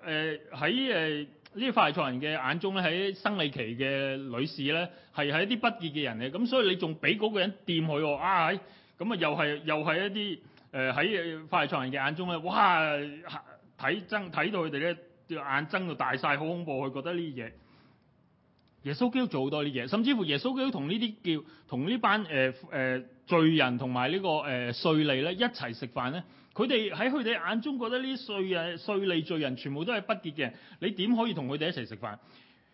呃、喺、呃呢啲法利賽人嘅眼中咧，喺生理期嘅女士咧，係喺一啲不潔嘅人嚟，咁所以你仲俾嗰個人掂佢喎啊？咁、哎、啊，又係又係一啲誒喺法利賽人嘅眼中咧，哇！睇睜睇到佢哋咧，眼睜到大晒，好恐怖，佢覺得呢啲嘢。耶穌基督做好多呢啲嘢，甚至乎耶穌基督同、呃呃這個呃、呢啲叫同呢班誒誒罪人同埋呢個誒稅吏咧一齊食飯咧。佢哋喺佢哋眼中覺得呢啲稅誒稅吏罪人全部都係不潔嘅，你點可以同佢哋一齊食飯？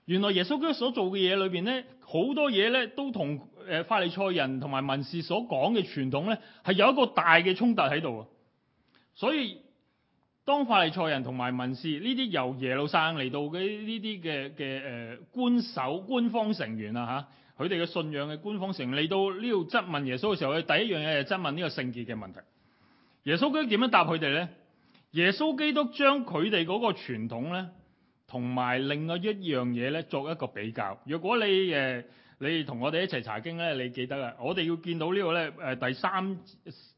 原來耶穌基督所做嘅嘢裏邊咧，好多嘢咧都同誒法利賽人同埋文士所講嘅傳統咧係有一個大嘅衝突喺度。所以當法利賽人同埋文士呢啲由耶路撒冷嚟到嘅，呢啲嘅嘅誒官守官方成員啊吓，佢哋嘅信仰嘅官方成員嚟到呢度質問耶穌嘅時候，佢第一樣嘢就質問呢個聖潔嘅問題。耶穌基督點樣答佢哋咧？耶穌基督將佢哋嗰個傳統咧，同埋另外一樣嘢咧作一個比較。如果你誒、呃、你同我哋一齊查經咧，你記得啊，我哋要見到呢、呢個咧誒、呃、第三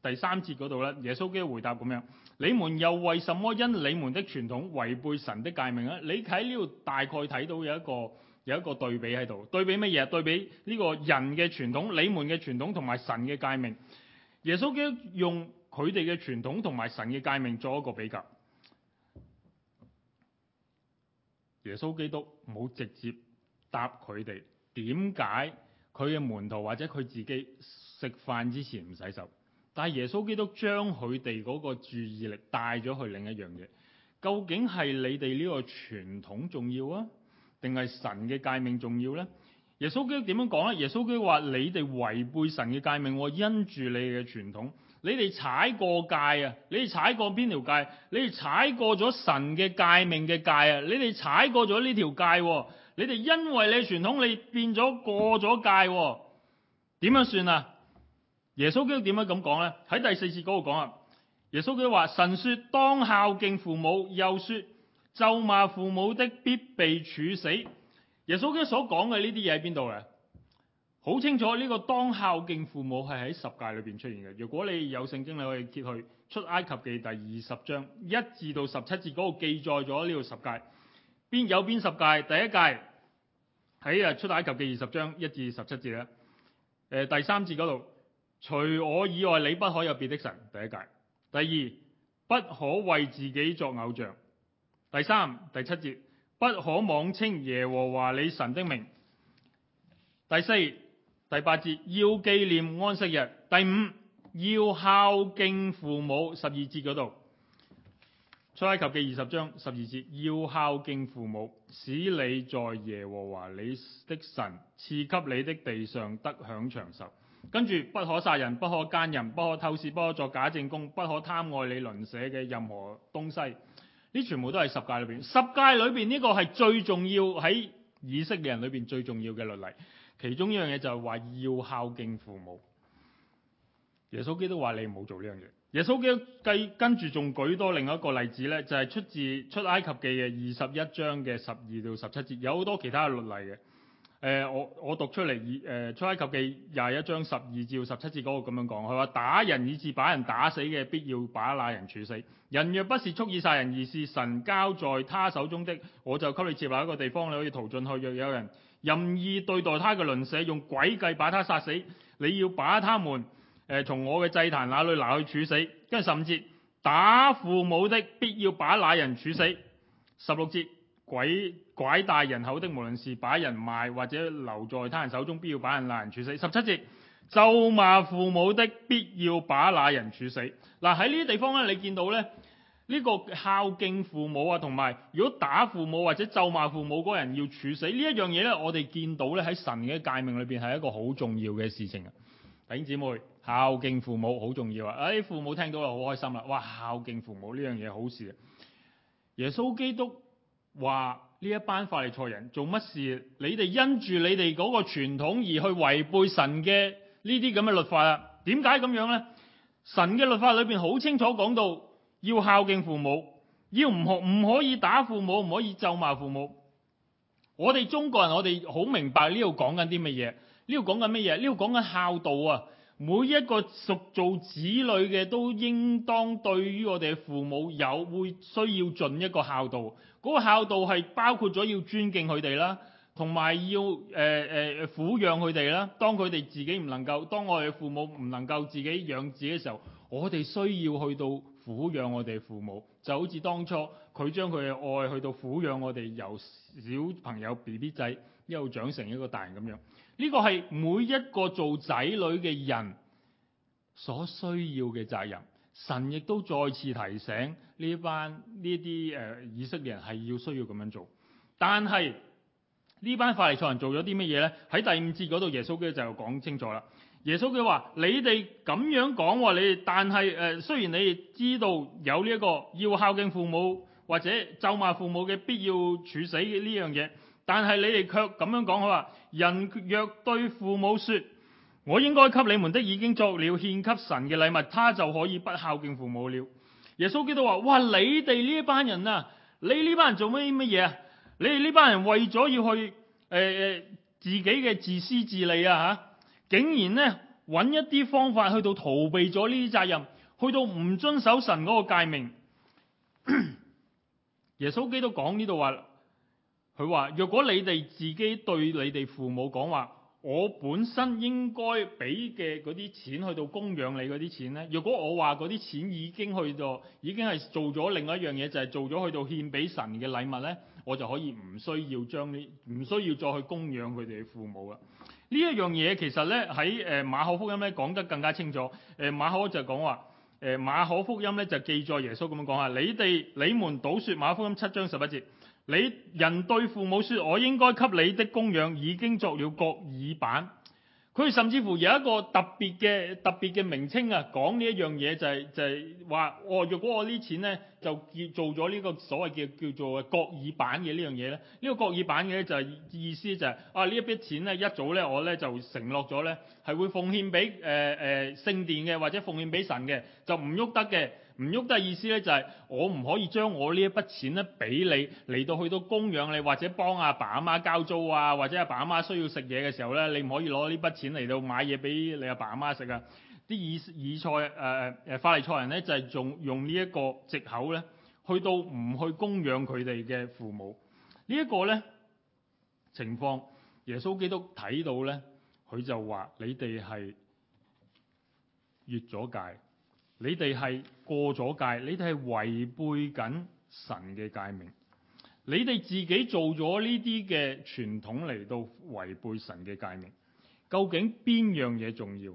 第三節嗰度咧，耶穌基督回答咁樣：你們又為什麼因你們的傳統違背神的誡命啊？你喺呢度大概睇到有一個有一個對比喺度，對比乜嘢？對比呢個人嘅傳統、你們嘅傳統同埋神嘅誡命。耶穌基督用。佢哋嘅傳統同埋神嘅誡命做一個比較，耶穌基督冇直接答佢哋點解佢嘅門徒或者佢自己食飯之前唔洗手，但係耶穌基督將佢哋嗰個注意力帶咗去另一樣嘢。究竟係你哋呢個傳統重要啊，定係神嘅誡命重要咧？耶穌基督點樣講咧？耶穌基督話：你哋違背神嘅誡命，我因住你哋嘅傳統。你哋踩過界啊！你哋踩過邊條界？你哋踩過咗神嘅誡命嘅界啊！你哋踩過咗呢條界，你哋因為你傳統，你變咗過咗界，點樣算啊？耶穌基督點樣咁講咧？喺第四節嗰度講啊！耶穌基督話：神說當孝敬父母，又說咒罵父母的必被處死。耶穌基督所講嘅呢啲嘢喺邊度嘅？好清楚呢，這個當孝敬父母係喺十誡裏邊出現嘅。如果你有聖經，你可以揭去出埃及記第二十章一至到十七節嗰度記載咗呢個十誡。邊有邊十誡？第一誡喺出埃及記二十章一至十七節咧。誒，第三節嗰度，除我以外你不可有別的神。第一誡。第二，不可為自己作偶像。第三，第七節，不可妄稱耶和華你神的名。第四。第八節要紀念安息日。第五要孝敬父母。十二節嗰度出埃及記二十章十二節要孝敬父母，使你在耶和華你的神賜給你的地上得享長壽。跟住不可殺人，不可姦淫，不可透視，不可作假證供，不可貪愛你鄰舍嘅任何東西。呢全部都係十誡裏邊。十誡裏邊呢個係最重要，喺以色列人裏邊最重要嘅律例。其中一樣嘢就係話要孝敬父母，耶穌基督話你冇做呢樣嘢。耶穌基督跟住仲舉多另一個例子咧，就係、是、出自出埃及記嘅二十一章嘅十二到十七節，有好多其他嘅律例嘅。誒、呃，我我讀出嚟，以、呃、誒出埃及記廿一章十二至十七節嗰個咁樣講，佢話打人以致把人打死嘅，必要把那人處死。人若不是蓄意殺人，而是神交在他手中的，我就給你設立一個地方，你可以逃進去。若有人任意對待他嘅鄰舍，用詭計把他殺死。你要把他們誒從我嘅祭壇那裏拿去處死。跟住十五節，打父母的，必要把那人處死。十六節，鬼拐帶人口的，無論是把人賣或者留在他人手中，必要把人那人處死。十七節，咒罵父母的，必要把那人處死。嗱，喺呢啲地方咧，你見到咧。呢個孝敬父母啊，同埋如果打父母或者咒罵父母嗰個人要處死呢一樣嘢咧，我哋見到咧喺神嘅誡命裏邊係一個好重要嘅事情啊。弟兄姊妹，孝敬父母好重要啊！哎，父母聽到啊，好開心啦！哇，孝敬父母呢樣嘢好事！耶穌基督話呢一班法利賽人做乜事？你哋因住你哋嗰個傳統而去違背神嘅呢啲咁嘅律法啊！」點解咁樣呢？神嘅律法裏邊好清楚講到。要孝敬父母，要唔學唔可以打父母，唔可以咒罵父母。我哋中國人，我哋好明白呢度講緊啲乜嘢？呢度講緊乜嘢？呢度講緊孝道啊！每一個屬做子女嘅，都應當對於我哋嘅父母有會需要盡一個孝道。嗰個孝道係包括咗要尊敬佢哋啦，同埋要誒誒撫養佢哋啦。當佢哋自己唔能夠，當我哋嘅父母唔能夠自己養自己嘅時候，我哋需要去到。撫養我哋父母，就好似當初佢將佢嘅愛去到撫養我哋由小朋友 BB 仔一路長成一個大人咁樣。呢個係每一個做仔女嘅人所需要嘅責任。神亦都再次提醒呢班呢啲誒以色列人係要需要咁樣做。但係呢班法利賽人做咗啲乜嘢咧？喺第五節嗰度耶穌基督就講清楚啦。耶穌佢話：你哋咁樣講，你哋但係誒、呃，雖然你哋知道有呢、這、一個要孝敬父母或者咒罵父母嘅必要處死嘅呢樣嘢，但係你哋卻咁樣講，佢話：人若對父母說，我應該給你們的已經作了獻給神嘅禮物，他就可以不孝敬父母了。耶穌基督話：哇！你哋呢一班人啊，你呢班人做乜乜嘢啊？你哋呢班人為咗要去誒誒、呃、自己嘅自私自利啊吓！竟然咧揾一啲方法去到逃避咗呢啲責任，去到唔遵守神嗰個誡命。 耶穌基督講呢度話，佢話：若果你哋自己對你哋父母講話，我本身應該俾嘅嗰啲錢去到供養你嗰啲錢咧，若果我話嗰啲錢已經去到已經係做咗另外一樣嘢，就係做咗去到獻俾神嘅禮物咧，我就可以唔需要將呢，唔需要再去供養佢哋嘅父母啦。呢一樣嘢其實咧喺誒馬可福音咧講得更加清楚。誒馬可就講話，誒馬可福音咧就記載耶穌咁樣講啊，你哋你們倒説，馬可福音七章十一節，你人對父母説，我應該給你的供養已經作了各耳板。」佢甚至乎有一個特別嘅特別嘅名稱啊，講呢一樣嘢就係、是、就係、是、話，哦，若果我啲錢咧就叫做咗呢個所謂叫叫做各耳板嘅呢樣嘢咧，呢、這個各耳板嘅就係、是、意思就係、是、啊這筆錢呢一筆錢咧一早咧我咧就承諾咗咧係會奉獻俾誒誒聖殿嘅或者奉獻俾神嘅，就唔喐得嘅。唔喐得意思咧，就係我唔可以將我呢一筆錢咧俾你嚟到去到供養你，或者幫阿爸阿媽交租啊，或者阿爸阿媽需要食嘢嘅時候咧，你唔可以攞呢筆錢嚟到買嘢俾你阿爸阿媽食啊！啲以以賽誒誒法利賽人咧就係仲用呢一個藉口咧，去到唔去供養佢哋嘅父母、這個、呢一個咧情況，耶穌基督睇到咧，佢就話你哋係越咗界。你哋係過咗界，你哋係違背緊神嘅誡命。你哋自己做咗呢啲嘅傳統嚟到違背神嘅誡命。究竟邊樣嘢重要？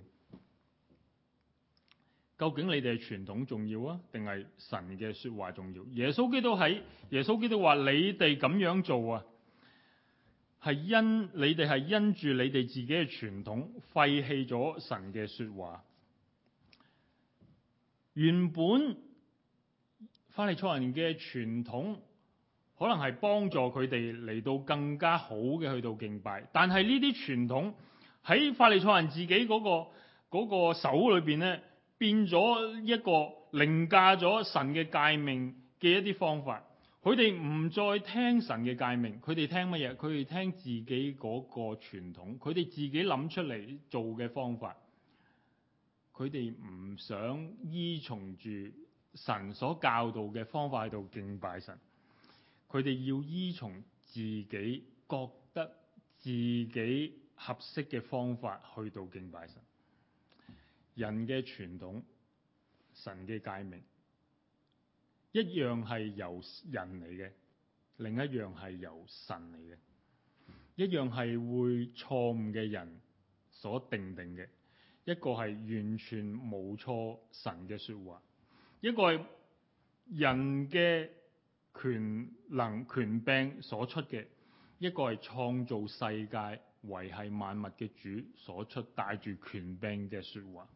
究竟你哋係傳統重要啊，定係神嘅說話重要？耶穌基督喺耶穌基督話：你哋咁樣做啊，係因你哋係因住你哋自己嘅傳統廢棄咗神嘅說話。原本法利賽人嘅傳統，可能係幫助佢哋嚟到更加好嘅去到敬拜，但係呢啲傳統喺法利賽人自己嗰個嗰個手裏邊咧，變咗一個凌駕咗神嘅誡命嘅一啲方法。佢哋唔再聽神嘅誡命，佢哋聽乜嘢？佢哋聽自己嗰個傳統，佢哋自己諗出嚟做嘅方法。佢哋唔想依從住神所教導嘅方法喺度敬拜神，佢哋要依從自己覺得自己合適嘅方法去到敬拜神。人嘅傳統、神嘅誡命，一樣係由人嚟嘅，另一樣係由神嚟嘅，一樣係會錯誤嘅人所定定嘅。一個係完全冇錯神嘅說話，一個係人嘅權能權柄所出嘅，一個係創造世界維繫萬物嘅主所出帶住權柄嘅說話，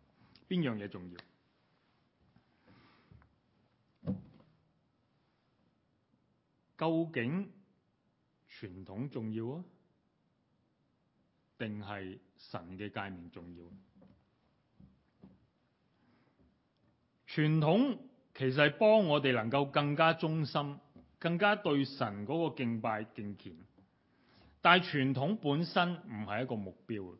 邊樣嘢重要？究竟傳統重要啊，定係神嘅誡命重要？傳統其實係幫我哋能夠更加忠心，更加對神嗰個敬拜敬虔。但係傳統本身唔係一個目標，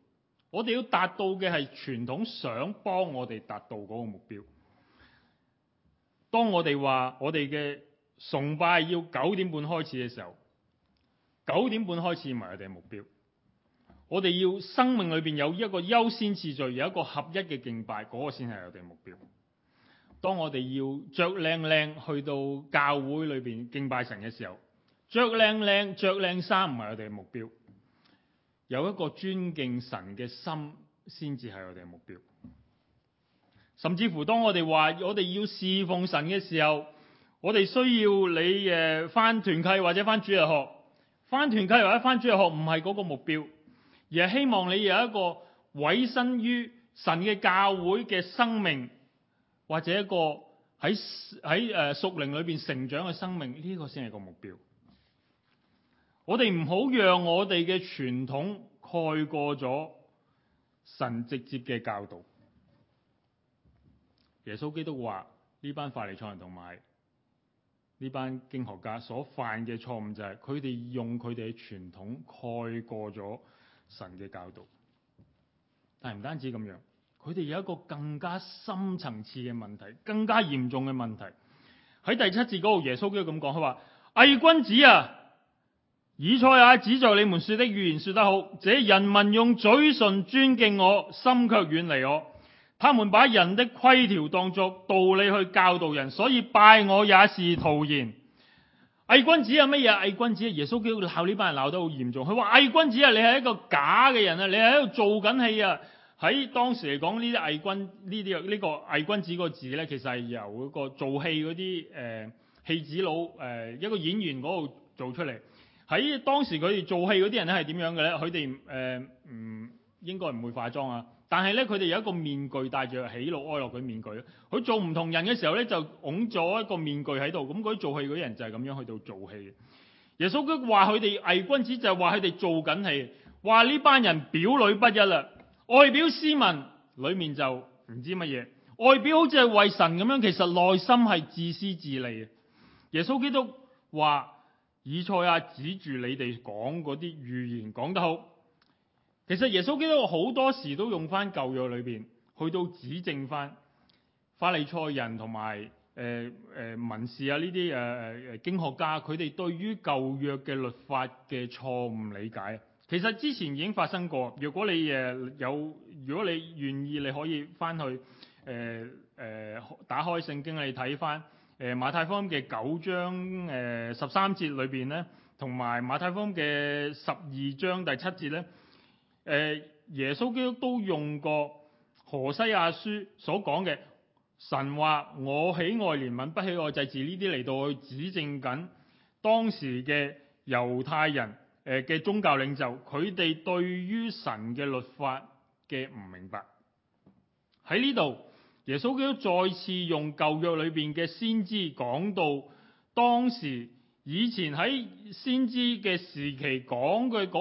我哋要達到嘅係傳統想幫我哋達到嗰個目標。當我哋話我哋嘅崇拜要九點半開始嘅時候，九點半開始唔係我哋目標。我哋要生命裏邊有一個優先次序，有一個合一嘅敬拜，嗰個先係我哋目標。當我哋要着靚靚去到教會裏邊敬拜神嘅時候，着靚靚、着靚衫唔係我哋嘅目標，有一個尊敬神嘅心先至係我哋嘅目標。甚至乎當我哋話我哋要侍奉神嘅時候，我哋需要你誒返、呃、團契或者返主日學，返團契或者返主日學唔係嗰個目標，而係希望你有一個委身於神嘅教會嘅生命。或者一個喺喺誒屬靈裏邊成長嘅生命，呢、這個先係個目標。我哋唔好讓我哋嘅傳統蓋過咗神直接嘅教導。耶穌基督話：呢班法利賽人同埋呢班經學家所犯嘅錯誤就係、是，佢哋用佢哋嘅傳統蓋過咗神嘅教導。但係唔單止咁樣。佢哋有一個更加深層次嘅問題，更加嚴重嘅問題。喺第七節嗰度，耶穌基督咁講：佢話偽君子啊，以賽亞、啊、指在你們說的預言說得好，這人民用嘴唇尊，尊敬我，心卻遠離我。他們把人的規條當作道理去教導人，所以拜我也是徒然。偽君子係乜嘢？偽君子係、啊、耶穌基督鬧呢班人鬧得好嚴重。佢話偽君子啊，你係一個假嘅人啊，你係喺度做緊戲啊。喺當時嚟講，呢啲偽君呢啲啊，呢、呢個偽君子個字咧，其實係由嗰個做戲嗰啲誒戲子佬誒、呃、一個演員嗰度做出嚟。喺當時佢哋做戲嗰啲人咧係點樣嘅咧？佢哋誒唔應該唔會化妝啊，但係咧佢哋有一個面具戴住，喜怒哀樂嘅面具。佢做唔同的人嘅時候咧，就拱咗一個面具喺度。咁佢做戲嗰啲人就係咁樣去到做戲嘅。耶穌佢督話佢哋偽君子就係話佢哋做緊戲，話呢班人表裏不一啦。外表斯文，裏面就唔知乜嘢。外表好似係為神咁樣，其實內心係自私自利嘅。耶穌基督話：以賽亞指住你哋講嗰啲預言講得好。其實耶穌基督好多時都用翻舊約裏邊去到指正翻法利賽人同埋誒誒文士啊呢啲誒誒經學家，佢哋對於舊約嘅律法嘅錯誤理解。其實之前已經發生過。如果你有，如果你願意，你可以翻去、呃呃、打開聖經你睇翻。馬太福音嘅九章十三節裏面，咧，同埋馬太福音嘅十二章第七節咧，耶穌基督都用過何西阿書所講嘅神話，我喜愛憐憫，不喜愛祭祀」呢啲嚟到去指證緊當時嘅猶太人。誒嘅宗教領袖，佢哋對於神嘅律法嘅唔明白，喺呢度耶穌基督再次用舊約裏邊嘅先知講到，當時以前喺先知嘅時期講嘅嗰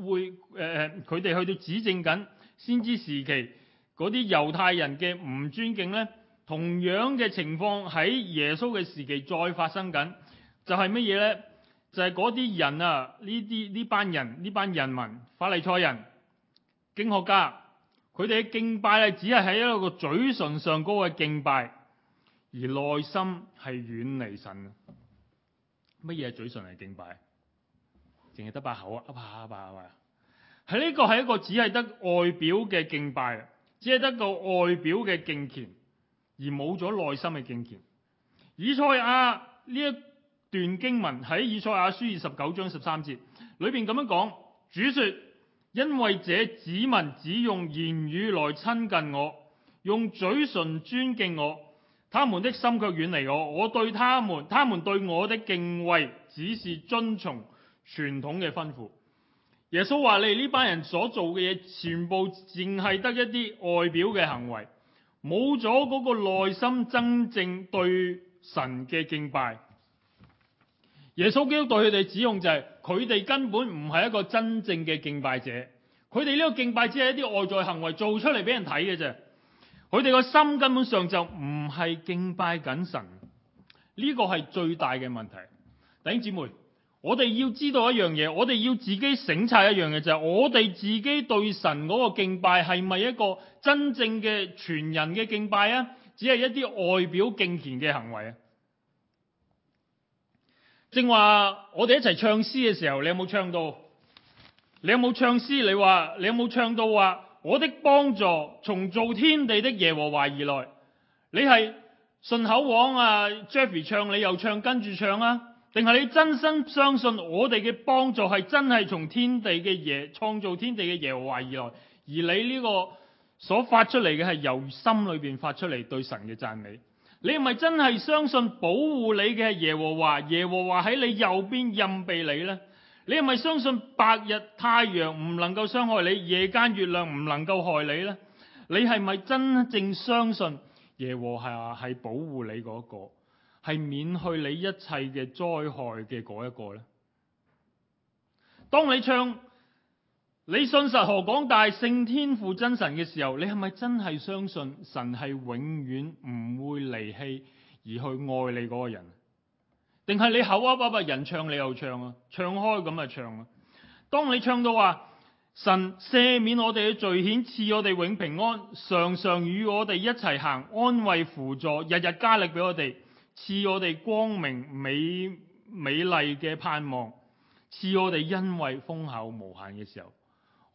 個會，誒、呃、誒，佢哋去到指證緊先知時期嗰啲猶太人嘅唔尊敬咧，同樣嘅情況喺耶穌嘅時期再發生緊，就係乜嘢咧？就係嗰啲人啊，呢啲呢班人呢班人民法利賽人經學家，佢哋嘅敬拜咧，只係喺一個嘴唇上高嘅敬拜，而內心係遠離神的。乜嘢係嘴唇嚟敬拜？淨係得把口啊，噏下噏下係咪？係呢個係一個只係得外表嘅敬拜，只係得，只得一個外表嘅敬虔，而冇咗內心嘅敬虔。以賽亞呢一段經文喺以賽亞書二十九章十三節裏邊咁樣講：主說，因為這子民只用言語來親近我，用嘴唇尊敬我，他們的心卻遠離我。我對他們，他們對我的敬畏，只是遵從傳統嘅吩咐。耶穌話：你呢班人所做嘅嘢，全部淨係得一啲外表嘅行為，冇咗嗰個內心真正對神嘅敬拜。耶穌基督對佢哋指控就係佢哋根本唔係一個真正嘅敬拜者，佢哋呢個敬拜只係一啲外在行為做出嚟俾人睇嘅啫，佢哋個心根本上就唔係敬拜緊神，呢個係最大嘅問題。弟兄姊妹，我哋要知道一樣嘢，我哋要自己醒察一樣嘢就係我哋自己對神嗰個敬拜係咪一個真正嘅全人嘅敬拜啊？只係一啲外表敬虔嘅行為啊？正話我哋一齊唱詩嘅時候，你有冇唱到？你有冇唱詩？你話你有冇唱到話我的幫助從造天地的耶和華而來？你係順口往啊 Jeffrey 唱，你又唱跟住唱啊？定係你真心相信我哋嘅幫助係真係從天地嘅耶創造天地嘅耶和華而來？而你呢個所發出嚟嘅係由心裏邊發出嚟對神嘅讚美？你係咪真係相信保護你嘅係耶和華？耶和華喺你右邊任庇你咧？你係咪相信白日太陽唔能夠傷害你，夜間月亮唔能夠害你咧？你係咪真正相信耶和華係保護你嗰一個，係免去你一切嘅災害嘅嗰一個咧？當你唱。你信實何講大聖天父真神嘅時候，你係咪真係相信神係永遠唔會離棄而去愛你嗰個人？定係你口阿巴人唱你又唱啊，唱開咁啊唱啊！當你唱到話神赦免我哋嘅罪愆，賜我哋永平安，常常與我哋一齊行，安慰輔助，日日加力俾我哋，賜我哋光明美美麗嘅盼望，賜我哋恩惠豐厚無限嘅時候。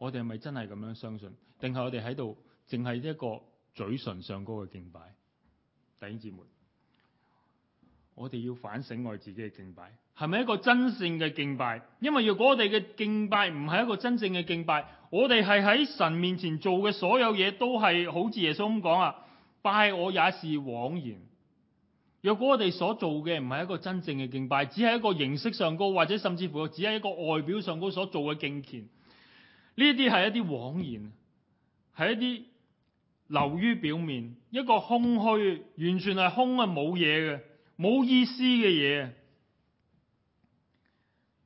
我哋係咪真係咁樣相信？定係我哋喺度淨係一個嘴唇上高嘅敬拜？弟兄姊妹，我哋要反省我自己嘅敬拜，係咪一個真正嘅敬拜？因為若果我哋嘅敬拜唔係一個真正嘅敬拜，我哋係喺神面前做嘅所有嘢，都係好似耶穌咁講啊，「拜我也是枉然。」若果我哋所做嘅唔係一個真正嘅敬拜，只係一個形式上高，或者甚至乎只係一個外表上高所做嘅敬虔。呢啲係一啲謊言，係一啲流於表面，一個空虛，完全係空啊，冇嘢嘅，冇意思嘅嘢。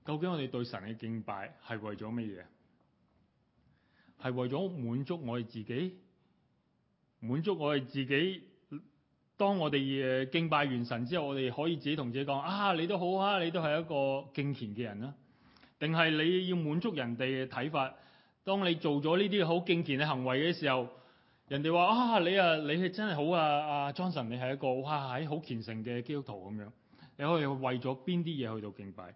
究竟我哋對神嘅敬拜係為咗乜嘢？係為咗滿足我哋自己，滿足我哋自己。當我哋誒敬拜完神之後，我哋可以自己同自己講：啊，你都好啊，你都係一個敬虔嘅人啊。定係你要滿足人哋嘅睇法？當你做咗呢啲好敬虔嘅行為嘅時候，人哋話啊，你啊，你係真係好啊，啊，Johnson 你係一個哇喺好虔誠嘅基督徒咁樣，你可以為咗邊啲嘢，去到敬拜？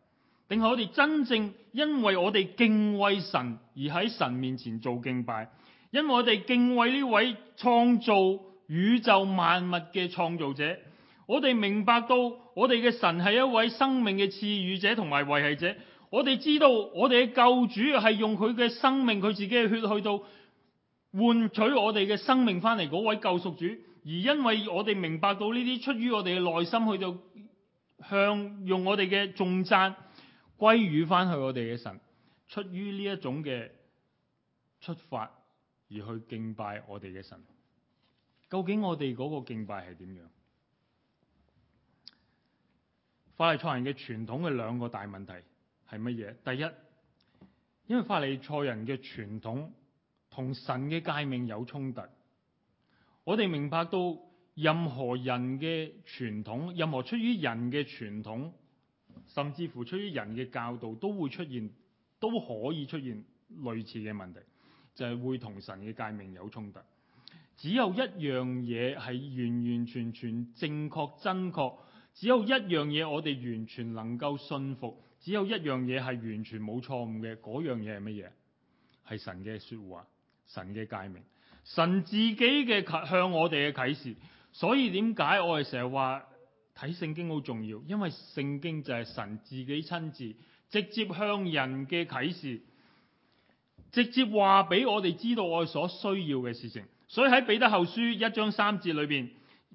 定係我哋真正因為我哋敬畏神而喺神面前做敬拜？因為我哋敬畏呢位創造宇宙萬物嘅創造者，我哋明白到我哋嘅神係一位生命嘅賜予者同埋維繫者。我哋知道，我哋嘅救主係用佢嘅生命，佢自己嘅血去到換取我哋嘅生命翻嚟嗰位救贖主。而因為我哋明白到呢啲，出於我哋嘅內心，去到向用我哋嘅重讚歸與翻去我哋嘅神。出於呢一種嘅出發，而去敬拜我哋嘅神。究竟我哋嗰個敬拜係點樣？法利賽人嘅傳統嘅兩個大問題。係乜嘢？第一，因為法利賽人嘅傳統同神嘅誡命有衝突。我哋明白到，任何人嘅傳統，任何出於人嘅傳統，甚至乎出於人嘅教導，都會出現，都可以出現類似嘅問題，就係、是、會同神嘅誡命有衝突。只有一樣嘢係完完全全正確、真確，只有一樣嘢，我哋完全能夠信服。只有一樣嘢係完全冇錯誤嘅，嗰樣嘢係乜嘢？係神嘅說話，神嘅誡命，神自己嘅向我哋嘅啟示。所以點解我哋成日話睇聖經好重要？因為聖經就係神自己親自直接向人嘅啟示，直接話俾我哋知道我哋所需要嘅事情。所以喺彼得後書一章三節裏邊，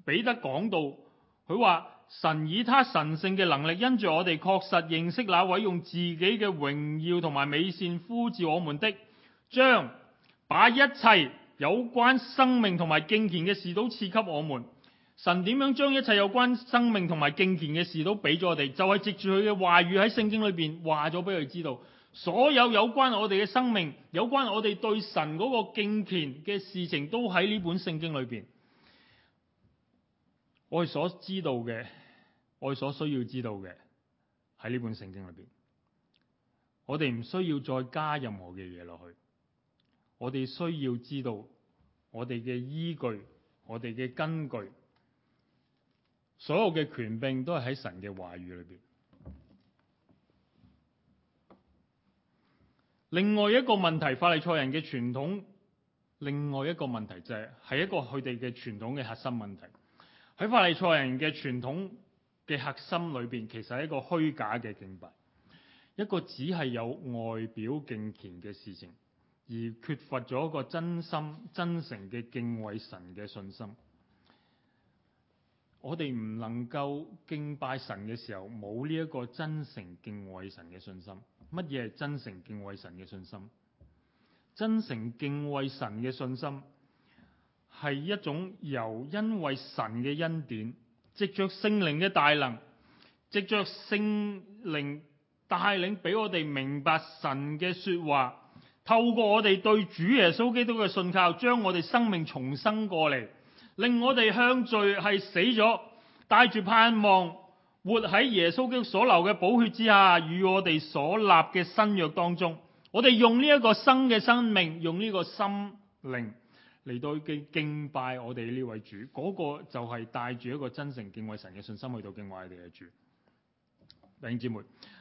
彼得講到佢話。他說神以他神聖嘅能力，因住我哋確實認識那位用自己嘅榮耀同埋美善呼召我們的，將把一切有關生命同埋敬虔嘅事都賜給我們。神點樣將一切有關生命同埋敬虔嘅事都俾咗我哋？就係、是、藉住佢嘅話語喺聖經裏邊話咗俾佢知道，所有有關我哋嘅生命，有關我哋對神嗰個敬虔嘅事情，都喺呢本聖經裏邊，我哋所知道嘅。我所需要知道嘅，喺呢本聖經裏邊，我哋唔需要再加任何嘅嘢落去。我哋需要知道我哋嘅依據，我哋嘅根據，所有嘅權柄都係喺神嘅話語裏邊。另外一個問題，法利賽人嘅傳統；另外一個問題就係，係一個佢哋嘅傳統嘅核心問題。喺法利賽人嘅傳統嘅核心裏邊，其實係一個虛假嘅敬拜，一個只係有外表敬虔嘅事情，而缺乏咗一個真心真誠嘅敬畏神嘅信心。我哋唔能夠敬拜神嘅時候，冇呢一個真誠敬畏神嘅信心。乜嘢係真誠敬畏神嘅信心？真誠敬畏神嘅信心係一種由因為神嘅恩典。藉着聖靈嘅大能，藉着聖靈帶領俾我哋明白神嘅說話，透過我哋對主耶穌基督嘅信靠，將我哋生命重生過嚟，令我哋向罪係死咗，帶住盼望活喺耶穌基督所流嘅寶血之下，與我哋所立嘅新約當中。我哋用呢一個新嘅生命，用呢個心靈。嚟到敬敬拜我哋呢位主，嗰個就係帶住一個真誠敬畏神嘅信心去到敬畏我哋嘅主。弟兄姊妹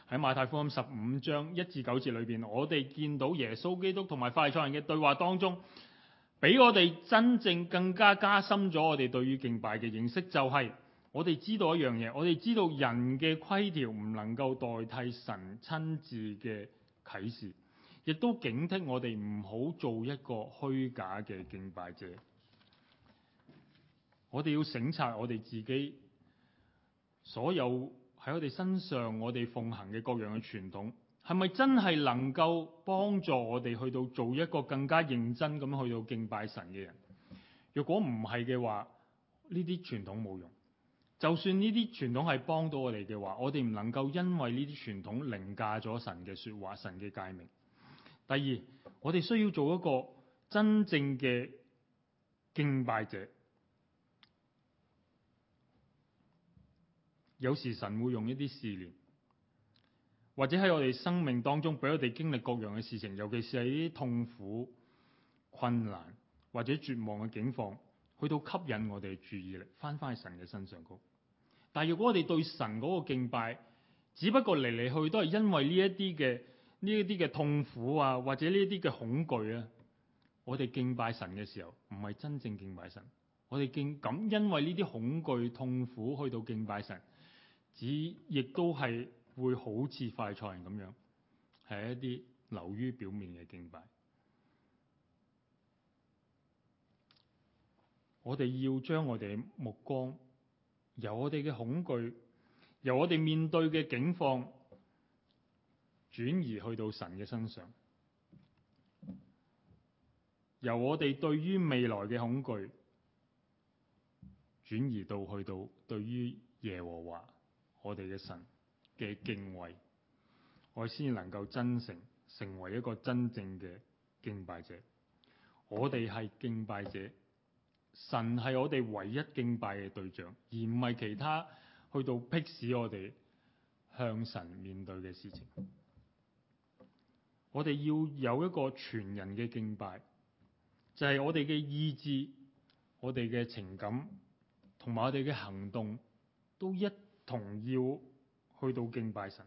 喺馬太福音十五章一至九節裏邊，我哋見到耶穌基督同埋法利賽人嘅對話當中，俾我哋真正更加加深咗我哋對於敬拜嘅認識，就係我哋知道一樣嘢，我哋知道人嘅規條唔能夠代替神親自嘅啟示。亦都警惕我哋唔好做一個虛假嘅敬拜者。我哋要省察我哋自己所有喺我哋身上，我哋奉行嘅各樣嘅傳統，係咪真係能夠幫助我哋去到做一個更加認真咁去到敬拜神嘅人？如果唔係嘅話，呢啲傳統冇用。就算呢啲傳統係幫到我哋嘅話，我哋唔能夠因為呢啲傳統凌駕咗神嘅說話、神嘅誡命。第二，我哋需要做一個真正嘅敬拜者。有時神會用一啲試煉，或者喺我哋生命當中，俾我哋經歷各樣嘅事情，尤其是喺啲痛苦、困難或者絕望嘅境況，去到吸引我哋嘅注意力，翻返去神嘅身上高。但係如果我哋對神嗰個敬拜，只不過嚟嚟去都係因為呢一啲嘅。呢一啲嘅痛苦啊，或者呢一啲嘅恐懼啊，我哋敬拜神嘅時候，唔係真正敬拜神。我哋敬咁，因為呢啲恐懼、痛苦去到敬拜神，只亦都係會好似法利賽人咁樣，係一啲流於表面嘅敬拜。我哋要將我哋目光由我哋嘅恐懼，由我哋面對嘅境況。轉移去到神嘅身上，由我哋對於未來嘅恐懼，轉移到去到對於耶和華我哋嘅神嘅敬畏，我先能夠真誠成為一個真正嘅敬拜者。我哋係敬拜者，神係我哋唯一敬拜嘅對象，而唔係其他去到迫使我哋向神面對嘅事情。我哋要有一個全人嘅敬拜，就係、是、我哋嘅意志，我哋嘅情感同埋我哋嘅行動都一同要去到敬拜神。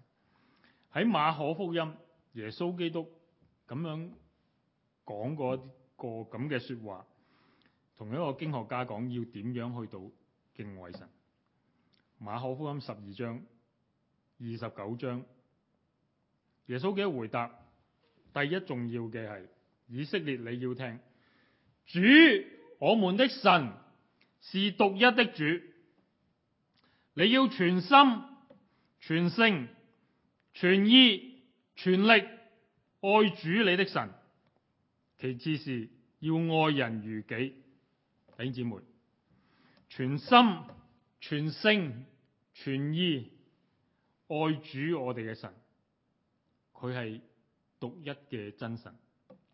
喺馬可福音，耶穌基督咁樣講過一個咁嘅說話，同一個經學家講要點樣去到敬畏神。馬可福音十二章二十九章，耶穌基督回答。第一重要嘅係以色列，你要聽主我們的神是獨一的主，你要全心全性全意全力愛主你的神。其次是要愛人如己。弟兄姊妹，全心全性全意愛主我哋嘅神，佢係。獨一嘅真神，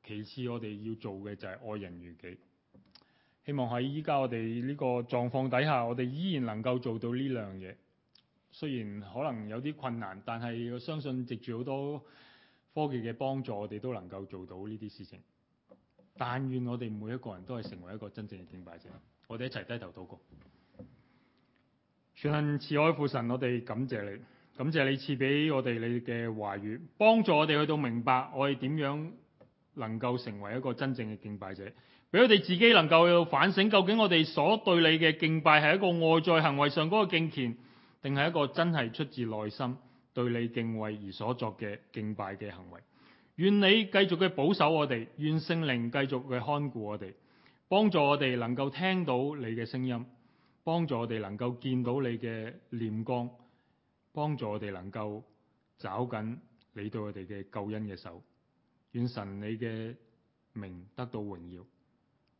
其次我哋要做嘅就係愛人如己。希望喺依家我哋呢個狀況底下，我哋依然能夠做到呢樣嘢。雖然可能有啲困難，但係我相信藉住好多科技嘅幫助，我哋都能夠做到呢啲事情。但願我哋每一個人都係成為一個真正嘅敬拜者。我哋一齊低頭禱告，全能慈愛父神，我哋感謝你。感謝你賜俾我哋你嘅話語，幫助我哋去到明白我哋點樣能夠成為一個真正嘅敬拜者，俾我哋自己能夠反省，究竟我哋所對你嘅敬拜係一個外在行為上嗰個敬虔，定係一個真係出自內心對你敬畏而所作嘅敬拜嘅行為。願你繼續嘅保守我哋，願聖靈繼續嘅看顧我哋，幫助我哋能夠聽到你嘅聲音，幫助我哋能夠見到你嘅臉光。幫助我哋能夠找緊你對我哋嘅救恩嘅手，願神你嘅名得到榮耀，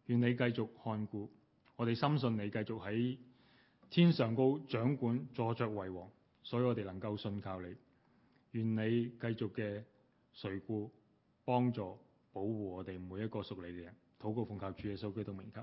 願你繼續看顧我哋，深信你繼續喺天上高掌管、坐著為王，所以我哋能夠信靠你。願你繼續嘅垂顧，幫助保護我哋每一個屬你嘅人。禱告奉靠主嘅聖潔同名求，